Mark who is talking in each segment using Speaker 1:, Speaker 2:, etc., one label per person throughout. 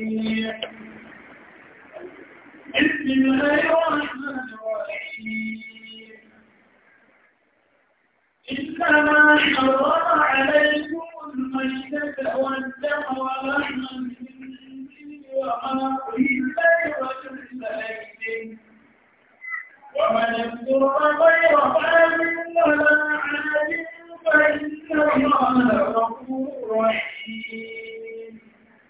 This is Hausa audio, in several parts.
Speaker 1: بسم الله الرحمن الرحيم إنما حرم عليكم الميتة والدم ولحم الخنزير وما أهل لغير الله ومن اضطر غير باغ ولا عاد فإن الله غفور رحيم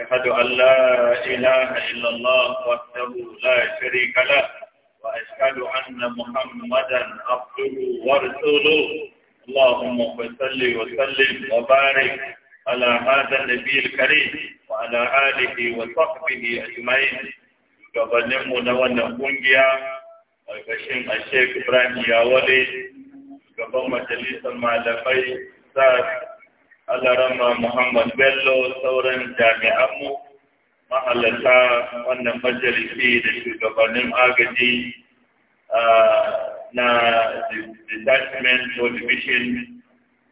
Speaker 2: أشهد أن لا إله إلا الله وحده لا شريك له وأشهد أن محمدا عبده ورسوله اللهم صل وسلم وبارك على هذا النبي الكريم وعلى آله وصحبه أجمعين gabaninmu na wannan kungiya ƙarƙashin a Sheikh Ibrahim Yawale gaban majalisar malamai sa alarama Muhammad Bello sauran jami'an jami'anmu mahalarta wannan majalisi da shugabannin agaji na detachment ko division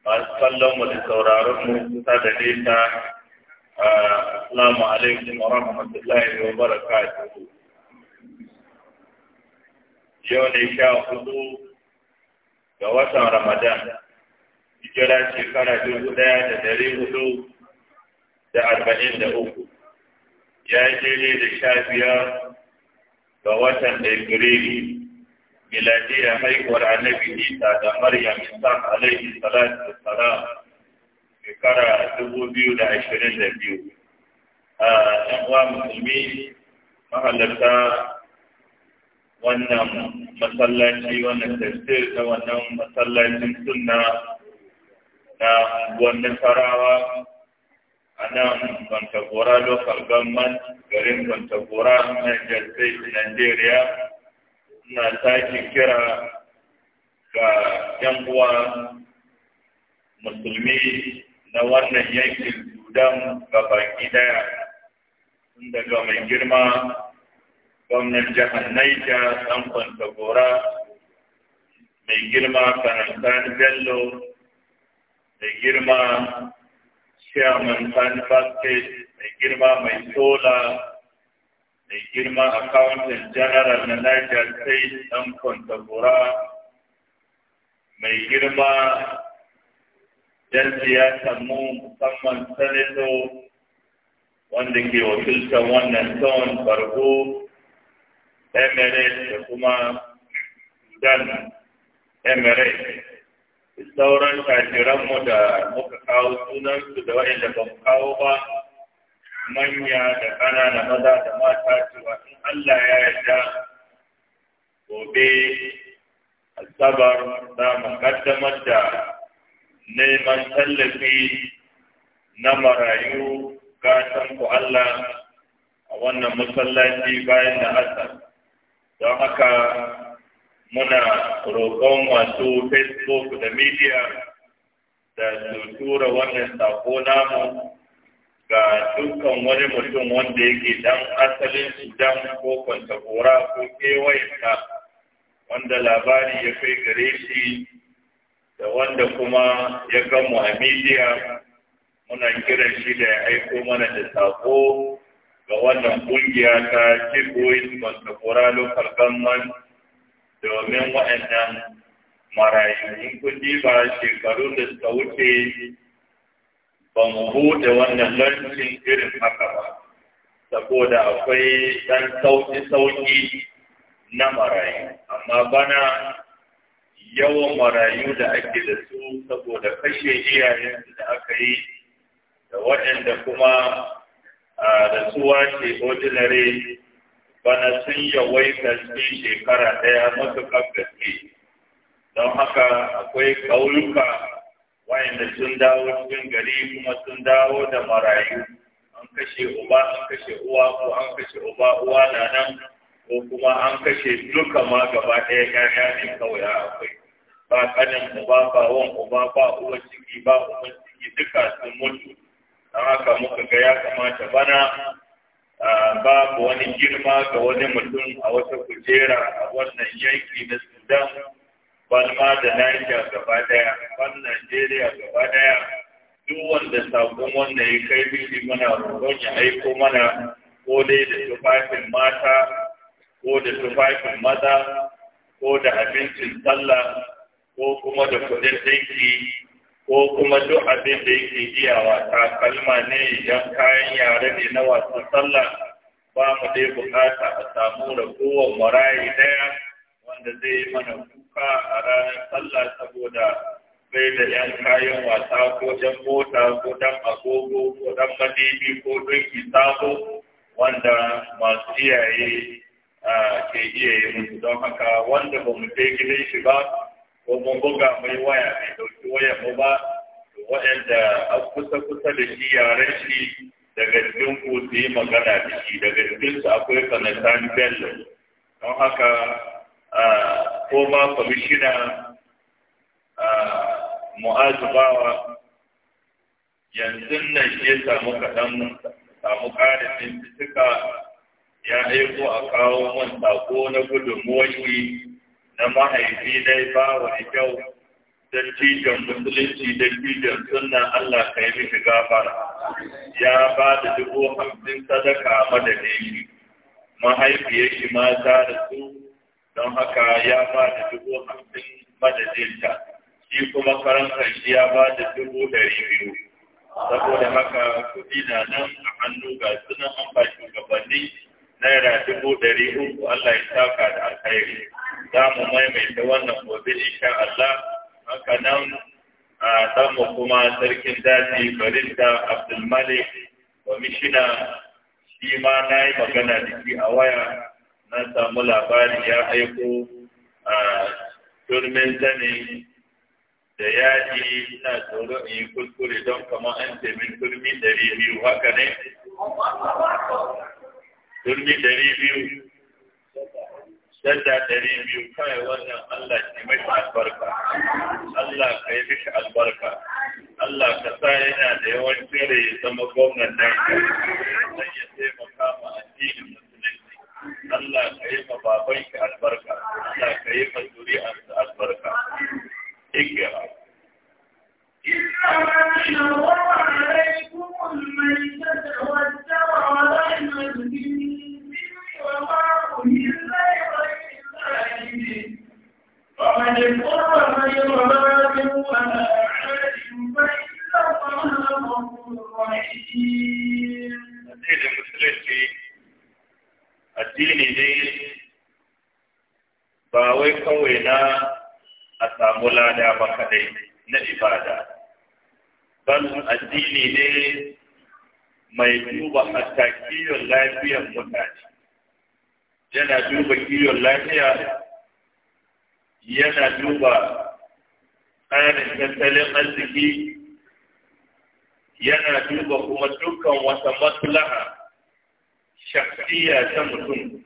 Speaker 2: masu kallon mu da sauraron mu kusa da nesa Assalamu alaikum wa rahmatullahi wa barakatuhu. Yau ne sha hudu ga watan Ramadan. hijira shekara dubu ɗaya da ɗari hudu da arba'in da uku ya jere da sha biyar ga watan Ibrahim miladiyar haihuwar annabi Isa da Maryam Isa alaihi salatu tsara shekara dubu biyu da ashirin da biyu. A ɗan uwa musulmi mahallarta wannan masallaci wannan tafsir ta wannan masallacin sunna na wannan farawa a nan Bantagora local government garin Bantagora Niger State Nigeria na sake kira ga ‘yan uwa musulmi na wannan yankin Sudan baki daya daga mai girma gwamnan jihar naija ɗan Bantagora mai girma Kanan Bello mai girma chairman fan basket mai girma mai sola mai girma accountant general na niger state dan kontabura mai girma yan siyasar mu musamman sanato wanda ke wakiltar wannan tsawon bargo emirates da kuma sudan emirates sauran mu da muka kawo sunansu da waɗanda ba mu kawo ba manya da ƙanana maza da mata cewa in Allah ya yarda gobe asabar za mu kaddamar da neman tallafi na marayu gatan ku Allah a wannan masallaci bayan da asar don haka muna roƙon masu facebook da media da su tura wannan sako namu ga dukkan wani mutum wanda yake dan asalin sudan ko kwantakora ko kewayenta wanda labari ya kai gare shi da wanda kuma ya gamu a media muna kiran shi da ya aiko mana da sako ga wannan kungiya ta Chief Boys Kwantakora Local Government domin waɗannan marayu in kun ba shekaru da suka wuce ba mu buɗe wannan lancin irin haka ba saboda akwai ɗan sauƙi-sauƙi na marayu amma bana yawan marayu da ake da su saboda kashe iyayensu da aka yi da waɗanda kuma da rasuwa ce ordinary bana sun yawaita gaske shekara ɗaya matuƙar gaske don haka akwai ƙauyuka wayanda sun dawo cikin gari kuma sun dawo da marayu an kashe uba an kashe uwa ko an kashe uba uwa na nan ko kuma an kashe duka ma gaba ɗaya ƴaƴa ne kawai akwai ba kanin uba ba wan uba ba uwa ciki ba uba ciki duka sun mutu don haka muka ga ya kamata bana babu wani girma ga wani mutum a wata kujera a wannan yanki na Sudan, balma da naija gaba daya, ban Najeriya gaba daya, duk wanda sabon wanda ya kai bishi mana roron ya aiko mana ko dai da tufafin mata, ko da tufafin maza, ko da abincin sallah, ko kuma da kuɗin danki ko kuma duk abin da yake iyawa kalma ne idan kayan yare ne na wasu sallah ba mu dai bukata a samu ragowar marayi daya wanda zai yi mana kuka a ranar sallah saboda bai da yan kayan wasa ko jan mota ko dan agogo ko dan madibi ko dinki sabo wanda masu iyaye ah, ke iya yi musu don haka wanda ba mu je gidan shi ba ko mun buga mai waya mai dauki waya mu ba waɗanda a kusa-kusa da shi yare shi daga cikin ku su yi magana da shi daga cikin su akwai sanatan bello don haka ko ma kwamishina mu'azu bawa yanzu nan shi ya samu kaɗan samu ƙarin cika ya aiko a kawo man sako na gudunmuwar shi na mahaifi dai ba wa kyau dattijan musulunci dattijan sunan Allah ka yi mishi gafara ya ba da dubu hamsin sadaka madade shi mahaifiyar shi ma ta su don haka ya ba da dubu hamsin madadinta shi kuma karan shi ya ba da dubu ɗari biyu saboda haka kuɗi na nan a hannu ga sunan an ba shugabanni naira dubu ɗari uku Allah ya saka da alkhairi za mu maimaita wannan gobe insha Allah haka nan a zamu kuma sarkin daji barista Abdulmalik kwamishina shi ma na yi magana da shi a waya na samu labari ya aiko a turmin zane da yaji ina tsoro in yi kuskure don kama an min turmi ɗari biyu haka ne? Turmi ɗari biyu Sadda ɗari biyu kawai wannan Allah ke mashi albarka, Allah ka yi albarka, Allah ka sa yana da yawan cire ya zama gwamnan Niger, don ya taimaka ma addinin musulunci. Allah ka yi ma babanki albarka, Allah ka yi ma zuri'arsa albarka. Ikira.
Speaker 1: إذا نشر عليكم الميتة والدم والعلم بالبر وما أهل فمن
Speaker 2: addini dai ba wai kawai na a samu lada ba kadai na ibada ban addini ne mai duba hatta kiyon lafiyar mutane yana duba kiyon lafiya yana duba tsarin tattalin arziki yana duba kuma dukkan wata maslaha shakhsiyya ta mutum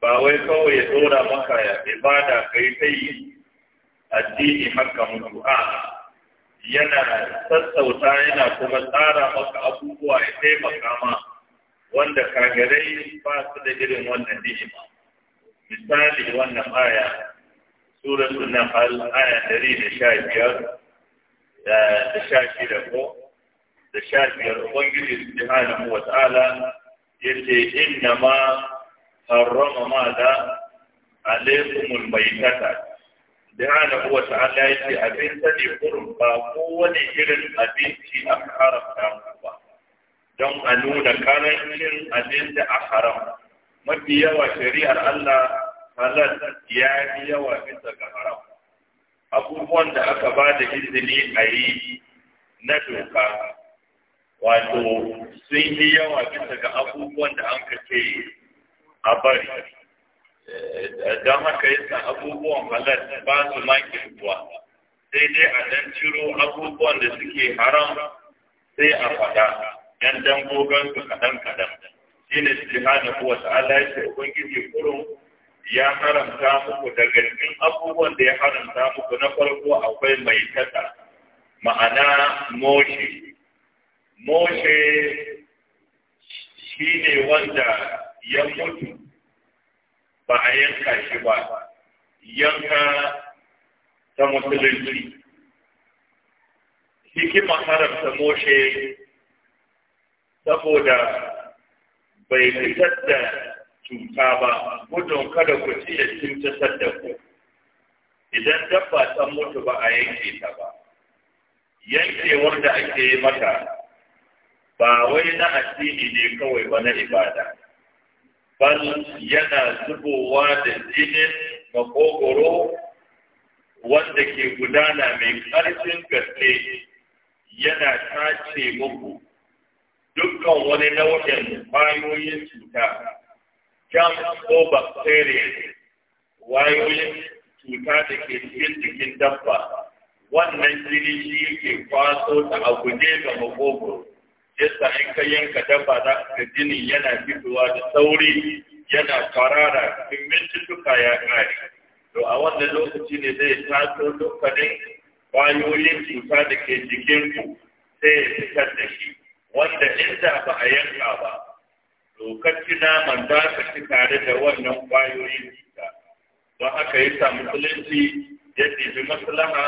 Speaker 2: ba wai kawai ya dora maka ibada kai ta yi addini haka mutu a yana sassauta yana kuma tsara maka abubuwa ya taimaka ma wanda kagarai ba su da irin wannan ni'ima misali wannan aya سورة النحل آية دليل شاكر شاكر فوق da sha biyar Ubangiji Subhanahu wa ta'ala yace inna ma harrama ma da alaikumul baitata Subhanahu wa ta'ala yace abin sani kurum ba kowane irin abinci a haramta muku ba don a nuna karancin abin da a haram mafi yawa shari'ar Allah halal ya fi yawa bisa ga haram abubuwan da aka ba da izini a yi na doka wato sun yi yawa bisa ga abubuwan da an kace a bari eh, don haka yasa abubuwan halal ba su makin kuwa sai dai a dan ciro abubuwan da suke haram sai a faɗa yan dangogon su kaɗan kaɗan shi ne su jihana kuwa ta'ala ya ce ubangiji kurun ya haramta muku daga cikin abubuwan da ya haramta muku na farko akwai mai tata ma'ana moshe moshe shi ne wanda ya mutu ba a yanka shi ba yanka ta musulunci hikima haramta moshe saboda bai fitar da cuta ba gudun kada ku ci ya cutar da ku idan dabba ta mutu ba a yanke ta ba yankewar da ake yi mata ba wai na addini ne kawai ba na ibada bal yana zubowa da jinin makogoro wanda ke gudana mai ƙarfin gaske yana tace muku dukkan wani nau'in ƙwayoyin cuta jam ko bacteria wayoyin cuta da ke cikin jikin dabba wannan jini shi yake kwaso da aguge ne ga makogo yasa in ka yanka dabba za ka jini yana fitowa da sauri yana farara cikin duka ya kare to a wannan lokaci ne zai taso dukkanin kwayoyin cuta da ke jikin ku sai ya fitar da shi wanda inda ba a yanka ba dokacci naman za ka ci tare da wannan ƙwayoyin cuta don haka yi samu musulunci ya ɗebi maslaha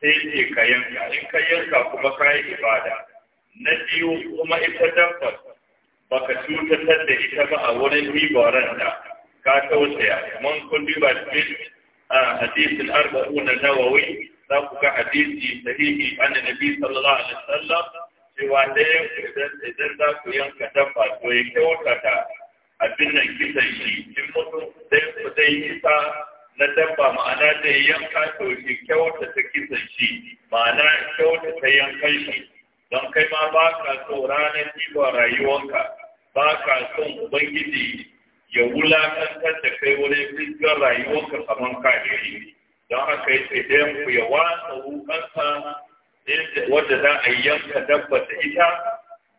Speaker 2: sai ce ka yanka in ka yanka kuma ka yi ibada na biyu kuma ita dabbar baka cutatar da ita ba a wurin ribaran da ka tausaya mun kun duba cikin hadisin arba'u na nawawi za ku ga hadisi sahihi annabi sallallahu alaihi wasallam cewa ɗayan idan idan za ku yanka dabba to ya kyautata abin nan kisan shi in mutu ɗayan ku zai kisa na dabba ma'ana da yanka to shi kyautata kisan shi ma'ana kyautata yankan shi don kai ma ba ka so ranar ɗiba rayuwanka ba ka son ubangiji ya wulakantar da kai wani fiskar rayuwanka kamar ka don haka yace ɗayan ku ya wasa wadda za a yanka dabba da ita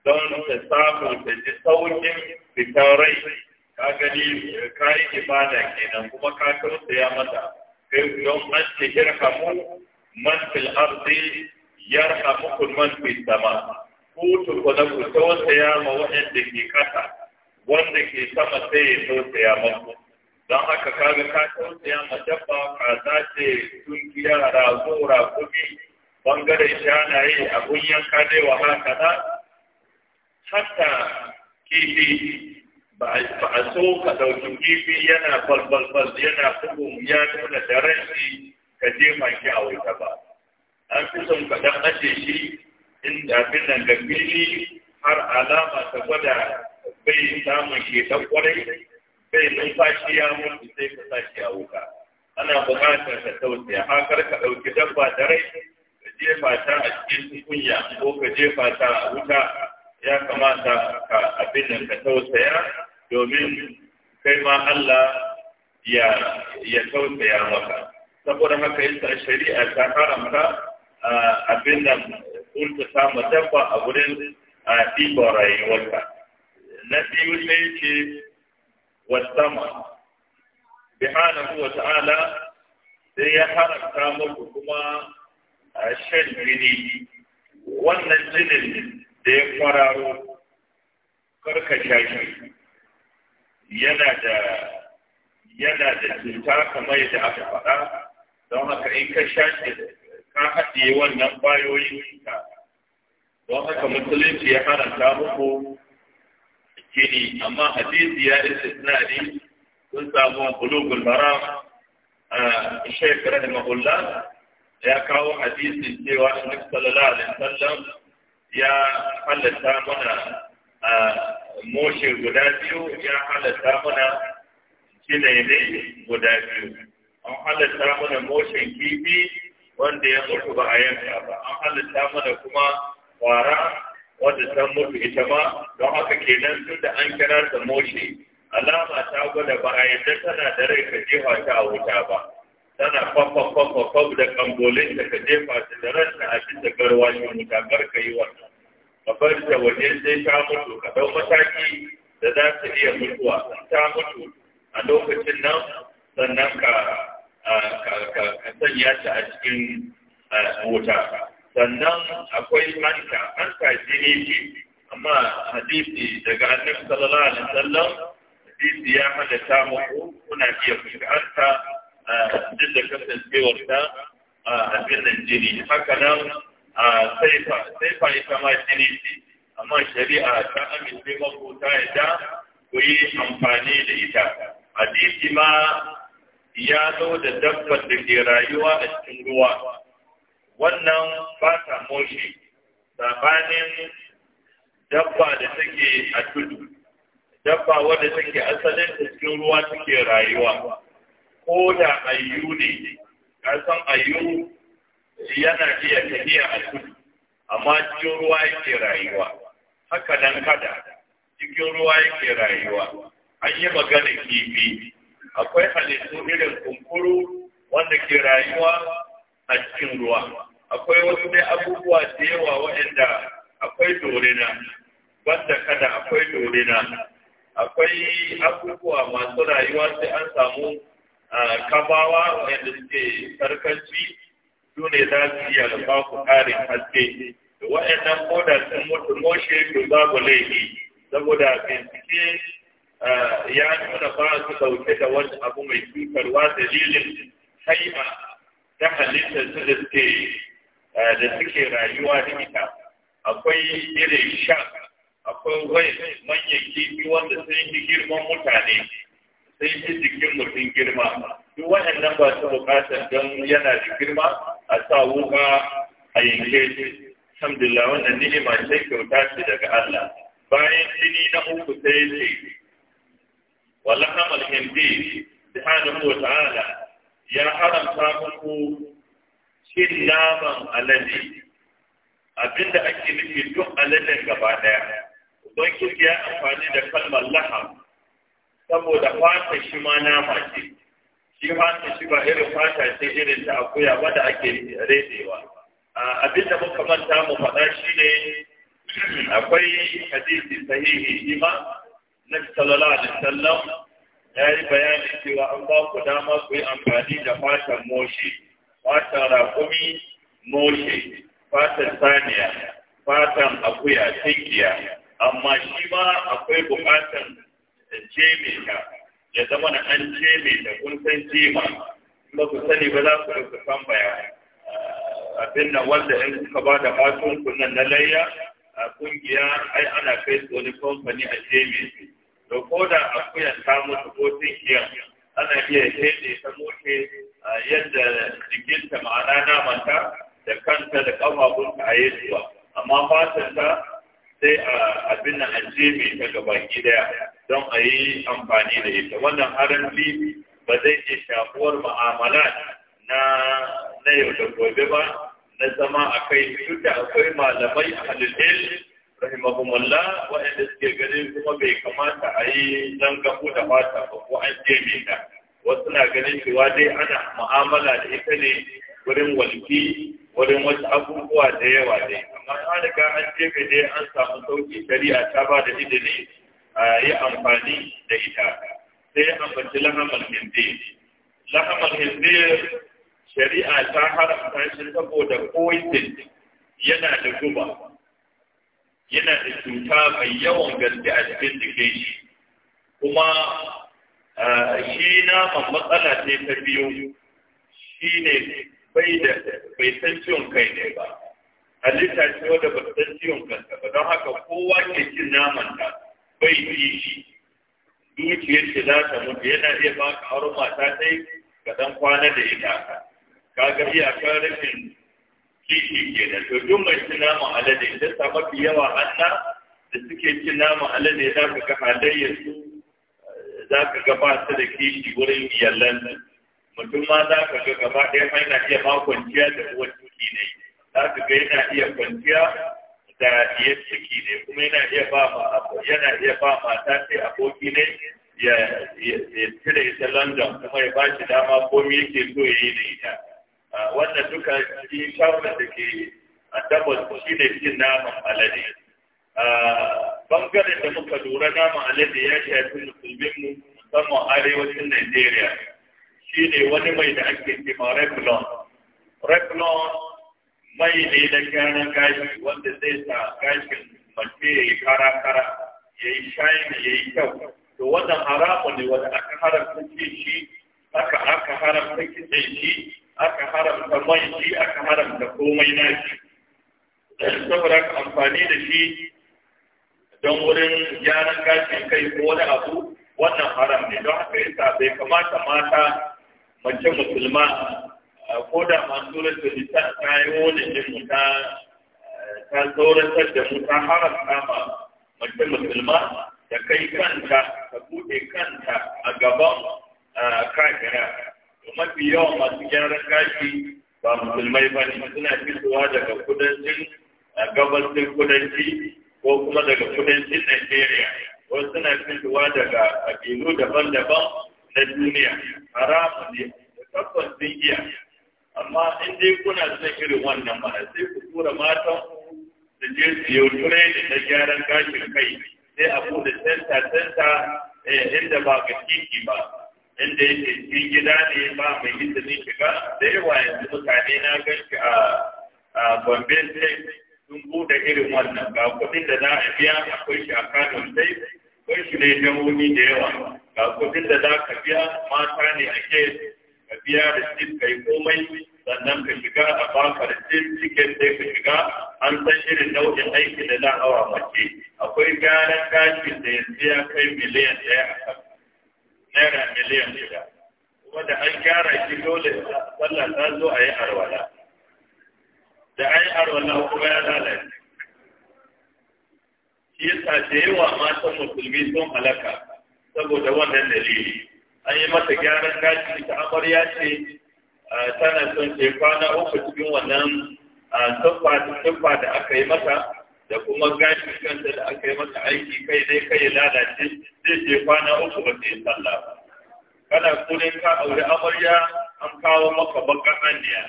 Speaker 2: don ta samu ta ji saukin fitar rai ka gani ka yi ibada kenan kuma ka tausaya mata kai don an ce irhamu man fil ardi yarhamukum man sama ku tukuna ku tausaya ma waɗanda ke kasa wanda ke sama sai ya tausaya maku don haka kaga ka tausaya ma dabba kaza ce tunkiya zura kuɗi? bangaren shanaye abun yanka dai wa haka da hatta kifi ba a so ka ɗauki kifi yana balbalbal yana bugun ya nuna da rashi ka je maki a wuta ba an fi son ka ɗan aje shi inda abin nan ga fili har alama ta gwada bai samun shi kwarai bai numfashi ya mutu sai ka sa a wuta ana buƙatar ka tausaya hakar ka ɗauki dabba da rai jefa ta a cikin tukunya ko ka jefa ta a wuta ya kamata ka abin da ka tausaya domin kai ma Allah ya ya tausaya maka saboda haka yasa shari'a ta haramta abin da kulta ta dabba a gurin a ɗiba rayuwarka na biyu ne ce wasama bihanahu wa ta'ala sai ya haramta muku kuma a shan jini wannan jinin da ya kwararo karka shi yana da yana da cuta kamar yadda aka faɗa don haka in ka sha ka haɗiye wannan ƙwayoyin ka don haka musulunci ya haranta muku gini amma hadisi ya isa tunani, sun samu bulugul mara a da mahulla. ya kawo hadisin cewa annabi sallallahu alaihi wasallam ya halatta mana moshe guda biyu ya halatta mana ne guda biyu an halatta mana moshin kifi wanda ya mutu ba a yanka ba an halatta mana kuma kwara wanda ta mutu ita ba, don haka kenan tun da an kira ta moshe alama ta gwada ba a yadda tana da rai ka jefa ta a wuta ba tana kwakwakwakwakwak da kambolin da ka jefa su da ranta abin da garwa shi wani kakar ka yi wata. ka bar ta waje sai ta mutu ka dau mataki da za ta iya mutuwa ta mutu a lokacin nan sannan ka sanya ta a cikin wuta sannan akwai hanta hanta jini ce amma hadisi daga annabi sallallahu alaihi wasallam hadisi ya halatta muku kuna iya fuskanta duk da kasancewar ta a birnin jini haka nan saifa saifa ita ma jini ce amma shari'a ta amince mako ta yadda ku yi amfani da ita hadisi ma ya zo da dabbar da ke rayuwa a cikin ruwa wannan ba ta moshi tsakanin dabba da take a tudu dabba wadda take asalin cikin ruwa take rayuwa ko da ayyu ne ka san ayyu yana iya tafiya a kudu amma cikin ruwa yake rayuwa haka nan kada cikin ruwa yake rayuwa an yi magana kifi akwai halittu irin kunkuru wanda ke rayuwa a cikin ruwa akwai wasu dai abubuwa da yawa waɗanda akwai dorina wanda kada akwai dorina akwai abubuwa masu rayuwa sai an samu kabawa wanda suke karkanci su ne za su iya ba ku ƙarin haske da waɗannan koda sun mutu moshe to ku laifi saboda bincike ya nuna ba su dauke da wani abu mai cutarwa dalilin haima ta halittar su da suke da suke rayuwa da ita akwai irin sha akwai wai manyan kifi wanda sun yi girman mutane Sai fi jikin mutum girma duk waɗannan ba su bukatar don yana da girma a sa wuka a yanke shi alhamdulillah wannan ni'ima ce kyauta ce daga Allah bayan jini na uku sai ce wallahi alhamdi subhanahu wa ta'ala ya haramta muku cin naman alade abinda ake nufi duk aladen gaba daya don kirki amfani da kalmar laham saboda fata shi ma nama ce shi fata shi ba irin fata ce irin ta akuya ba da ake redewa abin da muka manta mu faɗa shi ne akwai hadisi sahihi shi ma na sallallahu alaihi ya yi bayanin cewa an ba ku dama ku yi amfani da fatan moshi fatan rakumi moshi fatan saniya fatan akuya tinkiya amma shi ma akwai bukatan da jeme ta ya zama na an jeme ta kun san jima ba ku sani ba za ku rufe kan bayani ah, abin nan wanda in suka ba da fatun nan na layya a kungiya ai ana kai su wani kamfani a jeme su to ko da akuyan ta mutu ko tinkiyar ana iya ne ta moke yadda jikinta ma'ana namanta da kanta da kafafunta a yi amma fatan ta sai a abin nan a jeme ta gaba daya don a yi amfani da ita wannan haramci ba zai ke shafuwar ma'amala na na yau da gobe ba na zama a kai duk da akwai malamai a halittar rahimahumullah waɗanda suke ganin kuma bai kamata a yi zan gabu da fata ba ko an je ta wasu na ganin cewa dai ana ma'amala da ita ne wurin walki wurin wasu abubuwa da yawa dai amma an riga an je dai an samu sauki shari'a ta ba da izini a yi amfani da ita sai ya ambaci lahamar Hindi. lahamar Hindi shari'a ta haramta shi saboda poison yana da guba yana da cuta mai yawan gaske a cikin jikin shi kuma shi naman matsala ce ta biyu shi ne bai da bai san ciwon kai ne ba halitta ce wadda ba san ciwon kanta ba don haka kowa ke cin naman ta bai shi dukiyar shi za ta mutu yana iya ba ka auren mata sai ka dan kwana da ita ka ga iyakar rashin kishi ke da to duk mai cin nama alade idan ta mafi yawa Allah da suke cin nama alade za ka ga halayya su eh, za ka ga ba su da kishi wurin iyalan mutum ma za ka ga gaba ɗaya ma yana iya ba kwanciya da uwar ciki ne za ka ga yana iya kwanciya da ya ciki ne kuma yana iya ba ma yana iya ba ta ce aboki ne ya cire ita London kuma ya ba shi dama komi yake so ya yi da ita wannan duka shi shawarar da ke a addabar shi ne cin naman alade bangaren da muka lura naman alade ya shafi musulmin musamman arewacin Najeriya shi ne wani mai da ake cima reclon. Revlon mai ne na gyaran gashi wanda zai sa gashin mace ya yi kara-kara ya yi shayin ya yi kyau to wannan haramu ne wanda aka haramta ce shi aka aka haramta kitse shi aka haramta mai shi aka haramta komai na shi saboda aka amfani da shi don wurin gyaran gashin kai ko wani abu wannan haram ne don haka yasa bai kamata mata mace musulma ko da ma surar da ta kayi wani da mu ta ta tsoratar da mu ta haramta ma mace musulma da kai kanta ka bude kanta a gaban to mafi yawan masu gyaran gashi ba musulmai ba ne suna fitowa daga kudancin gabasin kudanci ko kuma daga kudancin Najeriya wasu suna fitowa daga kabilu daban-daban na duniya haramun ne da tabbas sun amma in dai kuna son irin wannan ba sai ku tura matan su je su yi training na gyaran gashin kai sai a bude senta senta eh, inda ba ga titi ba inda yake cikin gida ne ba mai izinin shiga da yawa yanzu mutane na ganshi a Gombe sai sun bude irin wannan ga kuɗin da za a biya akwai shi a Kano sai akwai shi ne jamoni da yawa ga kuɗin da za ka biya mata ne ake ka biya receipt ka yi komai sannan ka shiga a baka receipt cikin sai ka shiga an san irin nau'in aiki da za a mace akwai gyaran gashi da ya siya kai miliyan ɗaya a kan naira miliyan shida kuma da an gyara shi dole sallah ta zo a yi arwala da an yi arwala kuma ya lalace shi yasa da yawa matan musulmi sun halaka saboda wannan dalili an yi mata gyaran gashi ta amarya ce tana son ce kwana uku cikin wannan tuffa da aka yi mata da kuma gashi kanta da aka yi mata aiki kai dai kai lalace zai ce kwana uku ba sai sallah ba kana kunin ka aure amarya an kawo maka baka hanya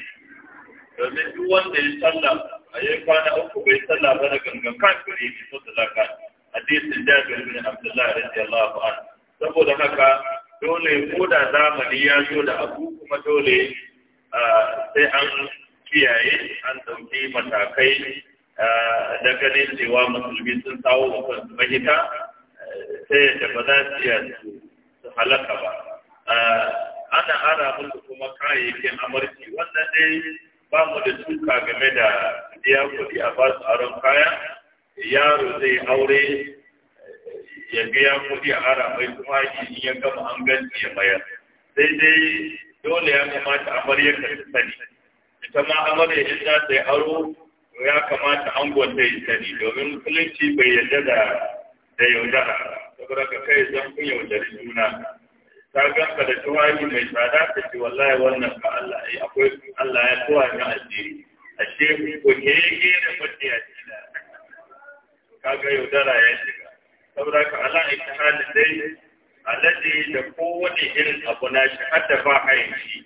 Speaker 2: domin duk wanda ya sallah a yi kwana uku bai sallah ba da gangan kafiri ne so da zaka hadisin jabir bin abdullahi radiyallahu anhu saboda haka dole ko da zamani ya zo da abu kuma dole sai an kiyaye an ɗauki matakai da ganin cewa musulmi sun kawo wa mahita sai da ba za su iya su halaka ba ana ara musu kuma kayayyakin amurci wannan dai ba mu da tuka game da biya kuɗi a basu aron kaya yaro zai aure ya biya kuɗi a ara mai kuma in ya gama an ganci ya mayar sai dai dole ya kamata amaryar ta sani ita ma amarya in sa ta yi aro ya kamata an ta yi sani domin musulunci bai yarda da da yaudara saboda ka kai zan kun yaudari juna ta ganka da tuwaki mai tsada ta ce wallahi wannan ka Allah ai akwai Allah ya tuwa ni asiri ashe ko ke ke da mace da kaga yaudara ya shiga saboda ka ala ita halin dai alade da kowane irin abu na shi har da ba a shi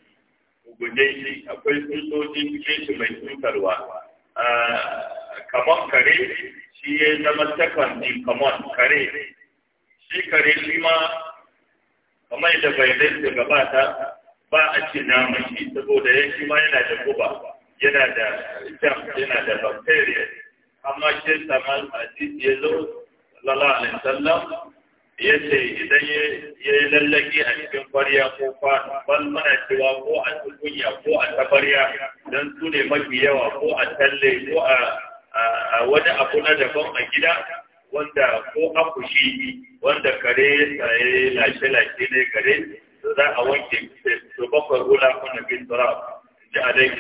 Speaker 2: guje shi akwai tsutsotsi cikin shi mai tsuntarwa kamar kare shi ya zama takan din kamar kare shi kare shi ma kamar yadda bai dai daga ba ta ba a ci nama shi saboda ya shi ma yana da guba yana da jam yana da bacteria amma shi sama a ya zo sallallahu alaihi wasallam ya ce idan ya yi lallaki a cikin farya ko kwano bal muna cewa ko a tukunya ko a tabarya don su ne mafi yawa ko a talle ko a wani abu na daban a gida wanda ko akushi wanda kare tsaye lashe-lashe ne kare da za a wanke su bakwai rula kuna bin tsara ji a dai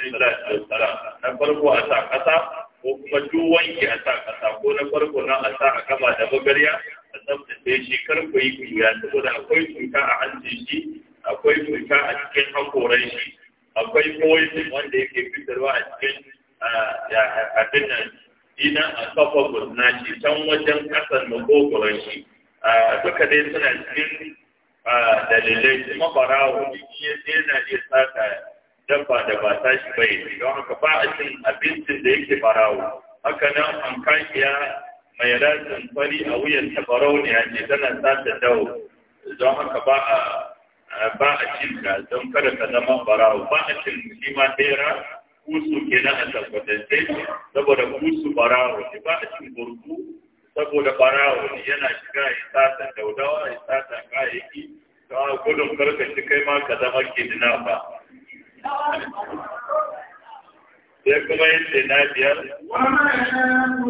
Speaker 2: salatu na farko a sa kasa ko kuma duk wanki a sa ƙasa ko na farko na a sa a kama da magarya a tsaftace shi kar ku yi kuya saboda akwai cuta a hancin shi akwai cuta a cikin hankoran shi akwai poison wanda yake fitarwa a cikin abin nan ina a kafa gurna shi can wajen ƙasar makogoron shi duka dai suna cikin dalilai kuma barawo ne ya yana iya sata dabba da ba ta shi bai don haka ba a cin abincin da yake barawo haka nan an kashiya mai ratsin fari a wuyan ta barauniya ce tana sata dawo don haka ba a ba a cin ka don kada ka zama barawo ba a cin shi ma tera kusu kenan a tabbatance saboda kusu barawo ne ba a cin burku saboda barawo ne yana shiga ya sata daudawa ya ta kayayyaki ta gudun karkashi kai ma ka zama kidina ba
Speaker 3: sai kuma yin
Speaker 2: da kai da da wannan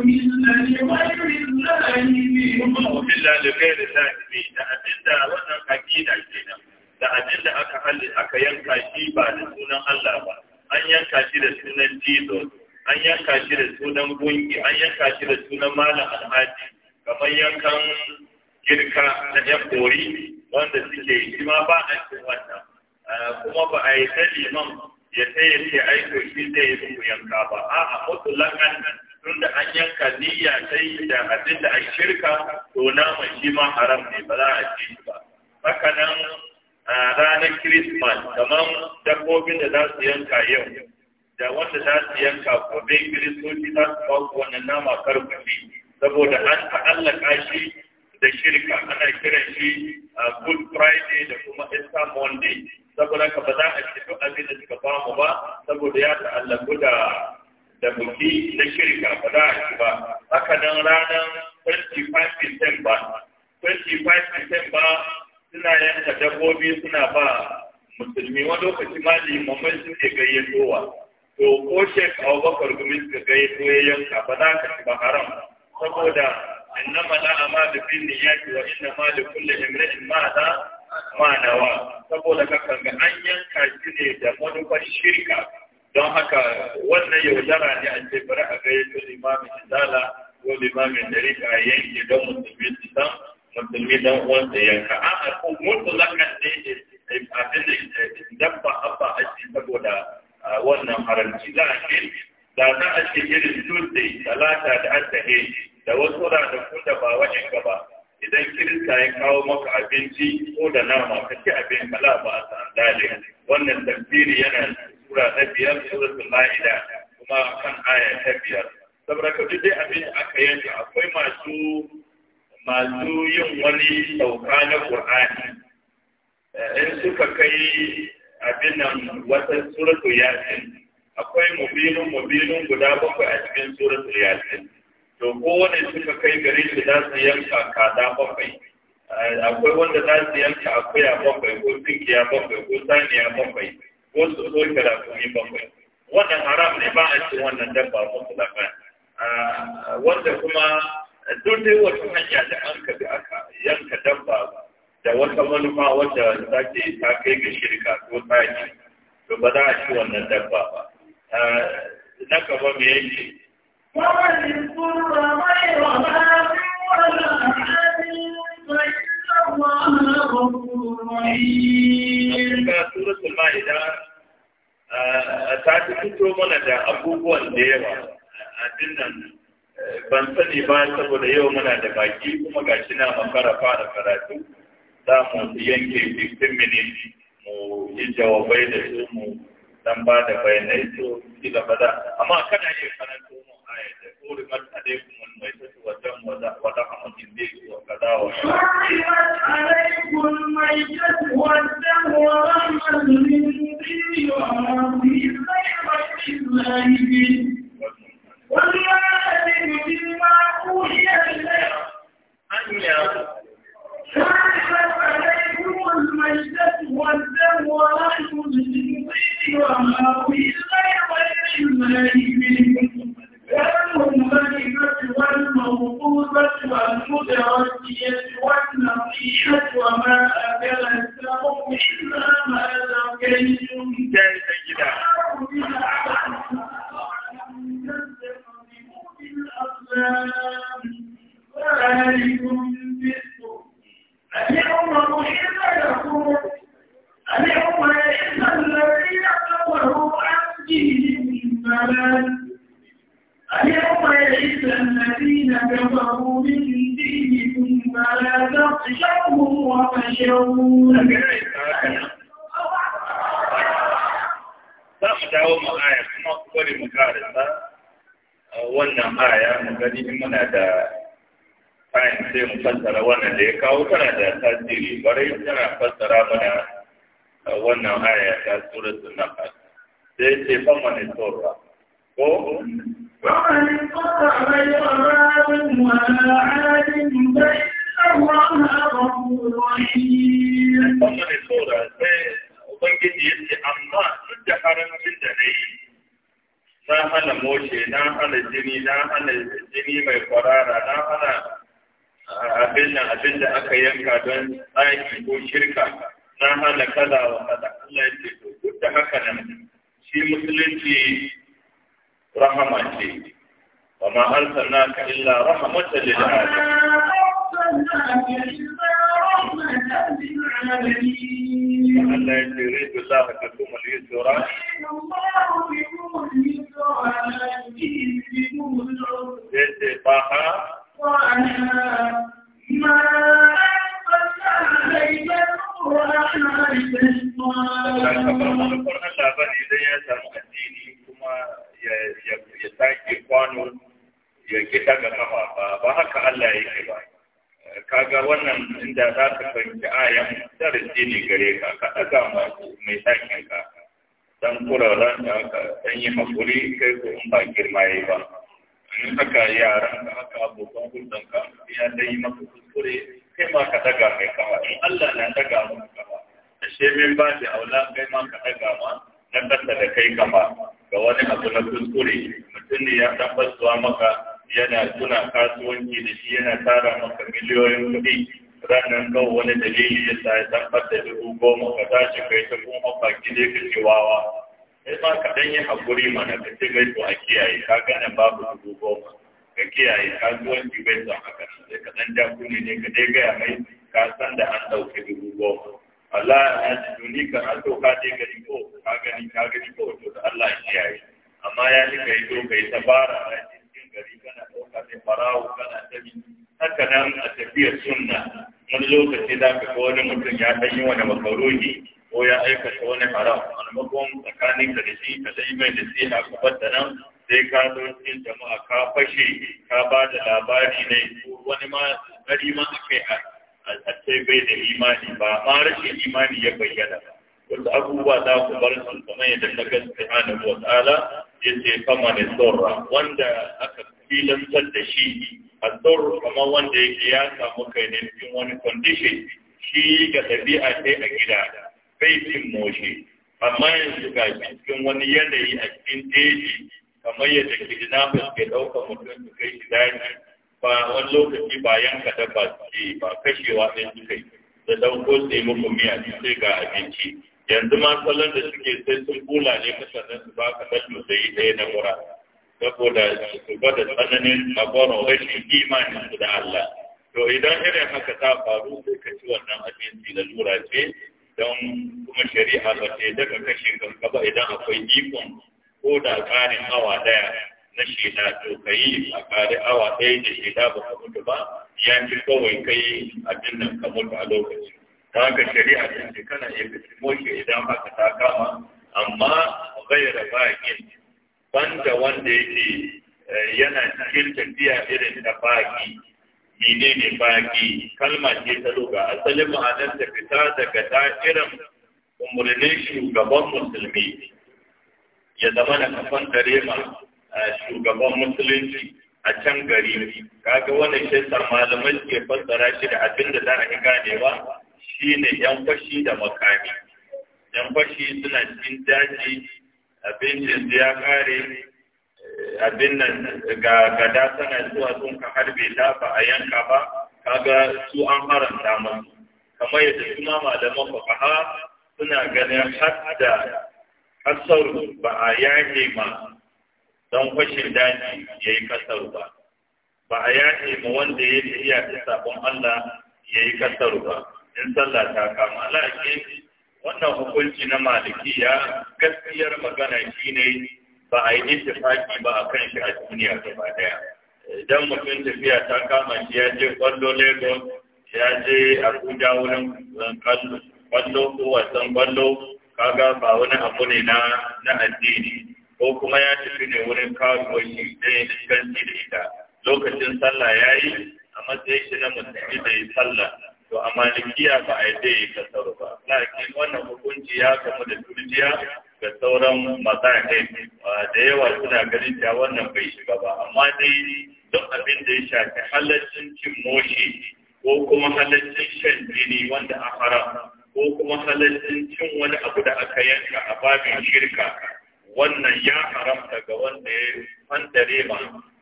Speaker 2: nan da aka aka yanka shi ba da sunan Allah ba an yanka shi da sunan Jesus an yanka shi da sunan an yanka shi da sunan malam alhaji kamar yankan girka na yan wanda suke shi ma ba a cikin wannan Eh, kuma ba a yi ta liman ya tsaye ce aiko shi zai yi muku yanka ba a'a mutulakan tun da an yanka niyya sai da abin da a shirka to naman shi ma haram ne ba za a ci shi ba haka nan eh, ranar kirismas kamar dabbobin da za su yanka yau da wanda za su yanka ko bai kiristoci za su kawo wannan nama karfashi saboda an ta'allaka shi da shirka ana kiran shi eh, good friday da kuma easter monday saboda ka ba za a ci duk abin da suka famu ba saboda ya ta'allaku da da buki na shirka ba za a ci ba haka nan ranar 25% disemba 25% ba suna yanka dabbobi suna ba musulmi wani lokaci ma limamai su ne gayyatowa to ko shek abubakar gumi suka gayyato ya yanka ba za ka shiga haram saboda innama na amma da bin niyyati wa innama da ma manawa saboda haka ga an yanka shi ne da manufar shirka don haka wannan yaudara ne a ce bari a gayyato limamin izala ko limamin dare a yanke don musulmi su san musulmi don wanda yanka a ko mutlakan ne eh, abin da dabba abba a ce saboda wannan haramci za a ce da za a ce irin tuesday talata da asahe da wasu ranakun da ba wajen gaba idan kirista ya kawo maka abinci ko da nama ka ci abin bala ba a san dalil wannan tafsiri yana sura ta biyar ta ma'ida kuma kan aya ta biyar saboda ka ji dai abin da aka yanke akwai masu masu yin wani sauka na qur'ani eh, in suka kai abin nan wata suratul yasin akwai mubinun mubinun guda bakwai a cikin suratul yasin to kowane suka kai gare shi za su yanka kada bakwai akwai wanda za su yanka a bakwai ko a bakwai ko saniya bakwai ko su soke rakumi bakwai wannan haram ne ba a ce wannan dabba mutlaka wanda kuma duk dai wata hanya da an ka bi aka yanka dabba da wata manufa wanda za ke ta kai ga shirka ko tsaki to ba za a ci wannan dabba ba na kama me yake ta ci fito mana da abubuwan da yawa a dinnan ban sani ba saboda yau muna da baki kuma ga shi na makara fara karatu za mu yanke 15 minutes mu yi jawabai da su mu dan ba da bayanai to ci gaba da amma kana iya karanto mu تكون قد أديكم
Speaker 1: Allah ya ce, "Rai,
Speaker 2: Allah ka kuma babu wani dalili ya sa ya tabbar da dubu goma ka tashi kai ta kuma baki ne ka ce wawa sai ma ka dan yi hakuri mana ka ce bai to a kiyaye ka gane babu dubu goma ka kiyaye kasuwanci bai son haka sai ka dan ja kunne ne ka dai gaya mai ka san da an ɗauke dubu goma Allah ya ji duni ka an to ka dai gani ko ka gani ka gani ko to da Allah ya kiyaye amma ya ji kai to kai ta fara a cikin gari kana ɗauka sai farawo kana tabi haka nan a tafiyar sunna wani lokaci za ka ga wani mutum ya ɗan yi wani makaruhi ko ya aikata wani haram almakon tsakanin ka da shi ka ɗan mai nasiha ka bata nan sai ka zo cikin jama'a ka fashe ka ba da labari ne ko wani ma gari ma aka yi a ce bai da imani ba ma rashin imani ya bayyana ba wasu abubuwa za ku bar su kamar yadda ta gaskiya na wa ta'ala ya ce kama ne tsorra wanda aka filantar da shi a tsoro kamar wanda yake ya samu kai ne cikin wani condition shi ga ɗabi'a sai a gida bai cin moshe amma yanzu ga cikin wani yanayi a cikin teji kamar yadda kidnappers ke ɗaukar mutum su kai shi daji ba wani lokaci ba yanka ba suke ba kashewa ɗin su kai da ɗauko sai muku miya sai ga abinci yanzu ma salon da suke sai sun bula ne mutanen su ba ka ɗan dutse ɗaya na mura saboda su gwada tsananin tsagoron rashin imanin su da Allah. To idan irin haka ta faru sai ka ci wannan abinci da lura ce don kuma shari'a ba ce daga kashe kanka ba idan akwai ikon ko da tsarin awa daya na shida to ka yi a ƙari awa daya da shida ba ka mutu ba ya fi kawai kai abin nan ka mutu a lokaci. Ta haka shari'a ta ce kana iya moshe idan haka ta kama amma gaira ba yin banda wanda yake eh, yana cikin tafiya irin da baki menene baki kalma ce ta luga asalin ma'anar ta fita daga da'irin umarnin shugaban musulmi ya zama na kafan ma eh, shugaban musulunci a can gari kaga wannan shi malamai ke fassara shi da abin da za a yi ganewa Shi ne yan fashi da makami yan fashi suna cikin daji Abin abincin ya kare eh, abin nan ga gada tana zuwa sun ka harbe ta ba a yanka ba kaga su an haranta masu kamar yadda suna malaman ha suna ganin har da kasar ba a yake ma don fashin daji ya yi kasar ba ba a yake ma wanda ya iya da sabon Allah ya yi kasar ba in sallah ta kama lakin wannan hukunci na malikiya gaskiyar magana shi ne, ba a yi ittifaki ba a kan shi a duniya gaba daya idan mutum tafiya ta kama shi ya je kwallo lagos ya je abuja wurin kwallo ko wasan kwallo kaga ba wani abu ne na addini ko kuma ya tafi ne wurin kawo shi da ya da ita lokacin sallah ya yi a matsayin shi na musulmi bai sallah to a malikiya ba a yadda yi kasar ba lakin wannan hukunci ya kamu da turjiya ga sauran mazaƙai da yawa suna ganin cewa wannan bai shiga ba amma dai duk abin da ya shafi halaccin cin moshi ko kuma halaccin shan jini wanda a haram ko kuma halaccin cin wani abu da aka yanka a babin shirka wannan ya haramta ga wanda ya fantare ma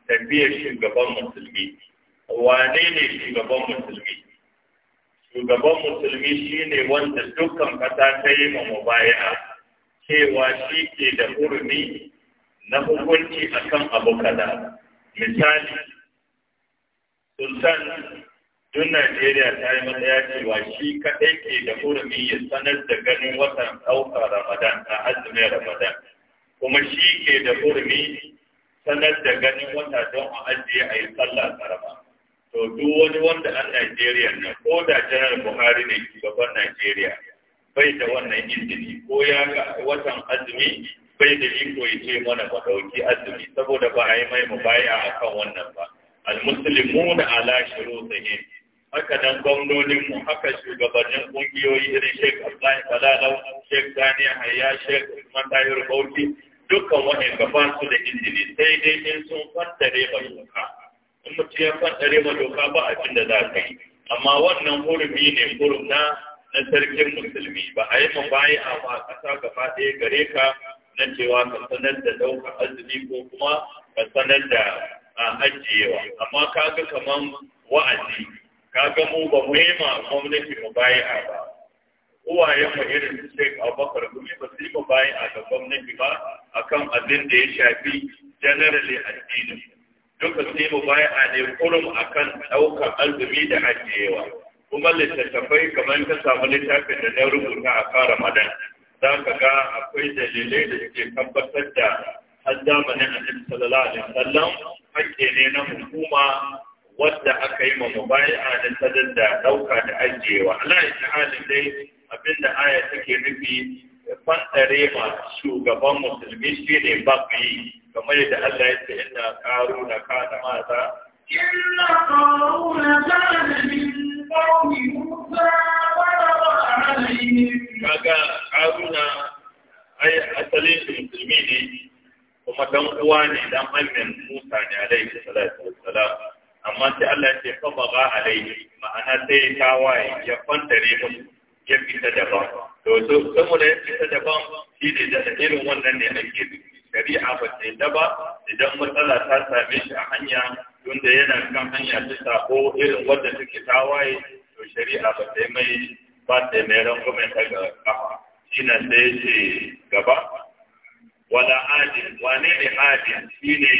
Speaker 2: tafiyar shugaban musulmi wane ne shugaban musulmi shugaban musulmi shi ne wanda dukkan kasa ta yi ma mubaya cewa shi ke da urumi na hukunci akan abu kaza misali sultan tun Najeriya ta yi matsaya cewa shi kaɗai ke da hurumi ya sanar da ganin watan ɗauka Ramadan a azumin Ramadan kuma shi ke da hurumi sanar da ganin wata don a ajiye a yi sallah karama
Speaker 3: to duk wani
Speaker 2: wanda a Najeriya ne ko da jihar Buhari ne shugaban Najeriya bai da wannan izini ko ya ga watan azumi bai da iko ya ce mana ba dauki azumi saboda ba a yi mai mubaya a kan wannan ba almuslimu ala shurutihim haka nan gwamnonin mu haka shugabannin kungiyoyi irin Sheikh Abdullahi Balalau Sheikh Sani Hayya Sheikh Usman Tahir Bauchi dukkan waɗanda ba su da izini sai dai in sun fantare mai doka in mutum ya faɗare ma doka ba abin da za ka yi amma wannan hurumi ne hurum na na sarkin musulmi ba a yi mabayi a ma ƙasa gaba ɗaya gare ka na cewa ka sanar da ɗaukar azumi ko kuma ka sanar da ajiyewa amma ka ga kaman wa'azi ka ga mu ba mu yi ma gwamnati mabayi a ba uwayen mu irin su Sheikh bakar Gumi ba su yi mabayi a ga gwamnati ba akan abin da ya shafi generally addinin. duka sai mu baya a ne kurum akan ɗaukar azumi da ajiyewa kuma littattafai kamar ka samu littafin da na rubuta a fara madan za ka ga akwai dalilai da suke tabbatar da har zamanin annabi sallallahu alaihi wasallam hakke ne na hukuma wadda aka yi ma mubaya'a da sadar da ɗauka da ajiyewa ya ji halin dai abinda aya take nufi fantare ma shugaban musulmi shi ne ba yi kamar yadda Allah ya ce inna qaruna kana ma za
Speaker 1: inna qaruna kana min qawmi musa wa rawa alayhi
Speaker 2: kaga qaruna ai asalin musulmi ne kuma dan uwa ne dan annan Musa ne alaihi salatu wassalam amma sai Allah ya ce fa baga alaihi ma'ana sai ta waye ya fantare mu ya fita daban to to saboda ya fita daban shi ne da irin wannan ne ake bi shari'a ba ta yadda ba idan matsala ta same shi a hanya wanda yana kan hanya ta sako irin wadda take tawaye to shari'a ba ta yi mai ba ta yi mai rangume ta ga kafa shi na sai ce gaba wala adin wane ne adin shi ne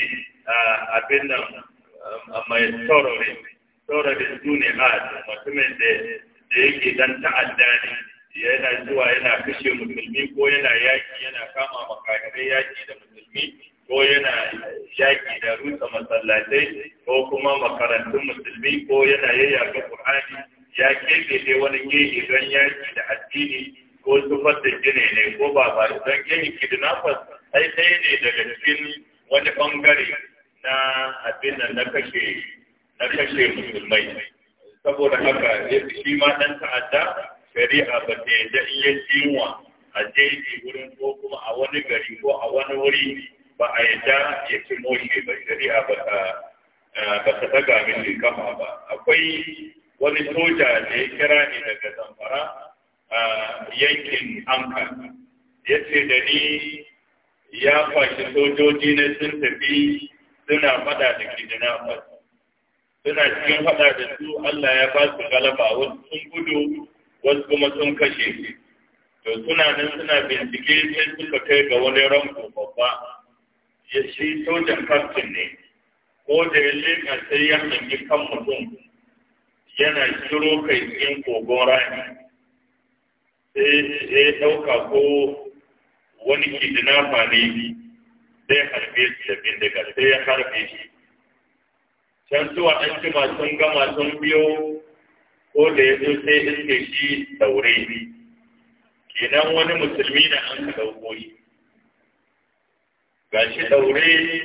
Speaker 2: abin nan mai tsorori tsorori su ne masu mutumin da yake dan ta'adda ne yana zuwa yana kashe musulmi ko yana yaƙi yana kama makarai yaƙi da musulmi ko yana yaƙi da rusa masallatai ko kuma makarantun musulmi ko yana yayyaka ƙur'ani ya kebe wani gehe don yaƙi da addini ko tufar da gine ne ko ba ba don gini kidnappers sai ɗaya ne daga cikin wani ɓangare na abin nan na kashe na kashe musulmai saboda haka shi ma dan ta'adda shari'a ba ta yadda in yi jinwa a jeji wurin ko kuma a wani gari ko a wani wuri ba a yadda ya ci moshe ba shari'a ba ta eh, ta daga min kama ba akwai wani soja da ya kira ni daga zamfara a yankin anka ya ce da ni ya kwashi sojoji na sun tafi suna fada da ba suna cikin fada da su Allah ya ba su galaba wasu sun gudu wasu kuma sun kashe shi to suna nan suna bincike sai suka kai ga wani ranko babba ya shi sojan kaftin ne ko da ya leƙa sai ya hangi kan mutum yana shiro kai cikin kogon rani sai ya ɗauka ko wani kidnafa ne zai harbe su da bindiga sai ya harbe shi can zuwa an jima sun gama sun biyo ko da ya zo sai in ga shi daure kenan wani musulmi na an ka dauko shi ga shi daure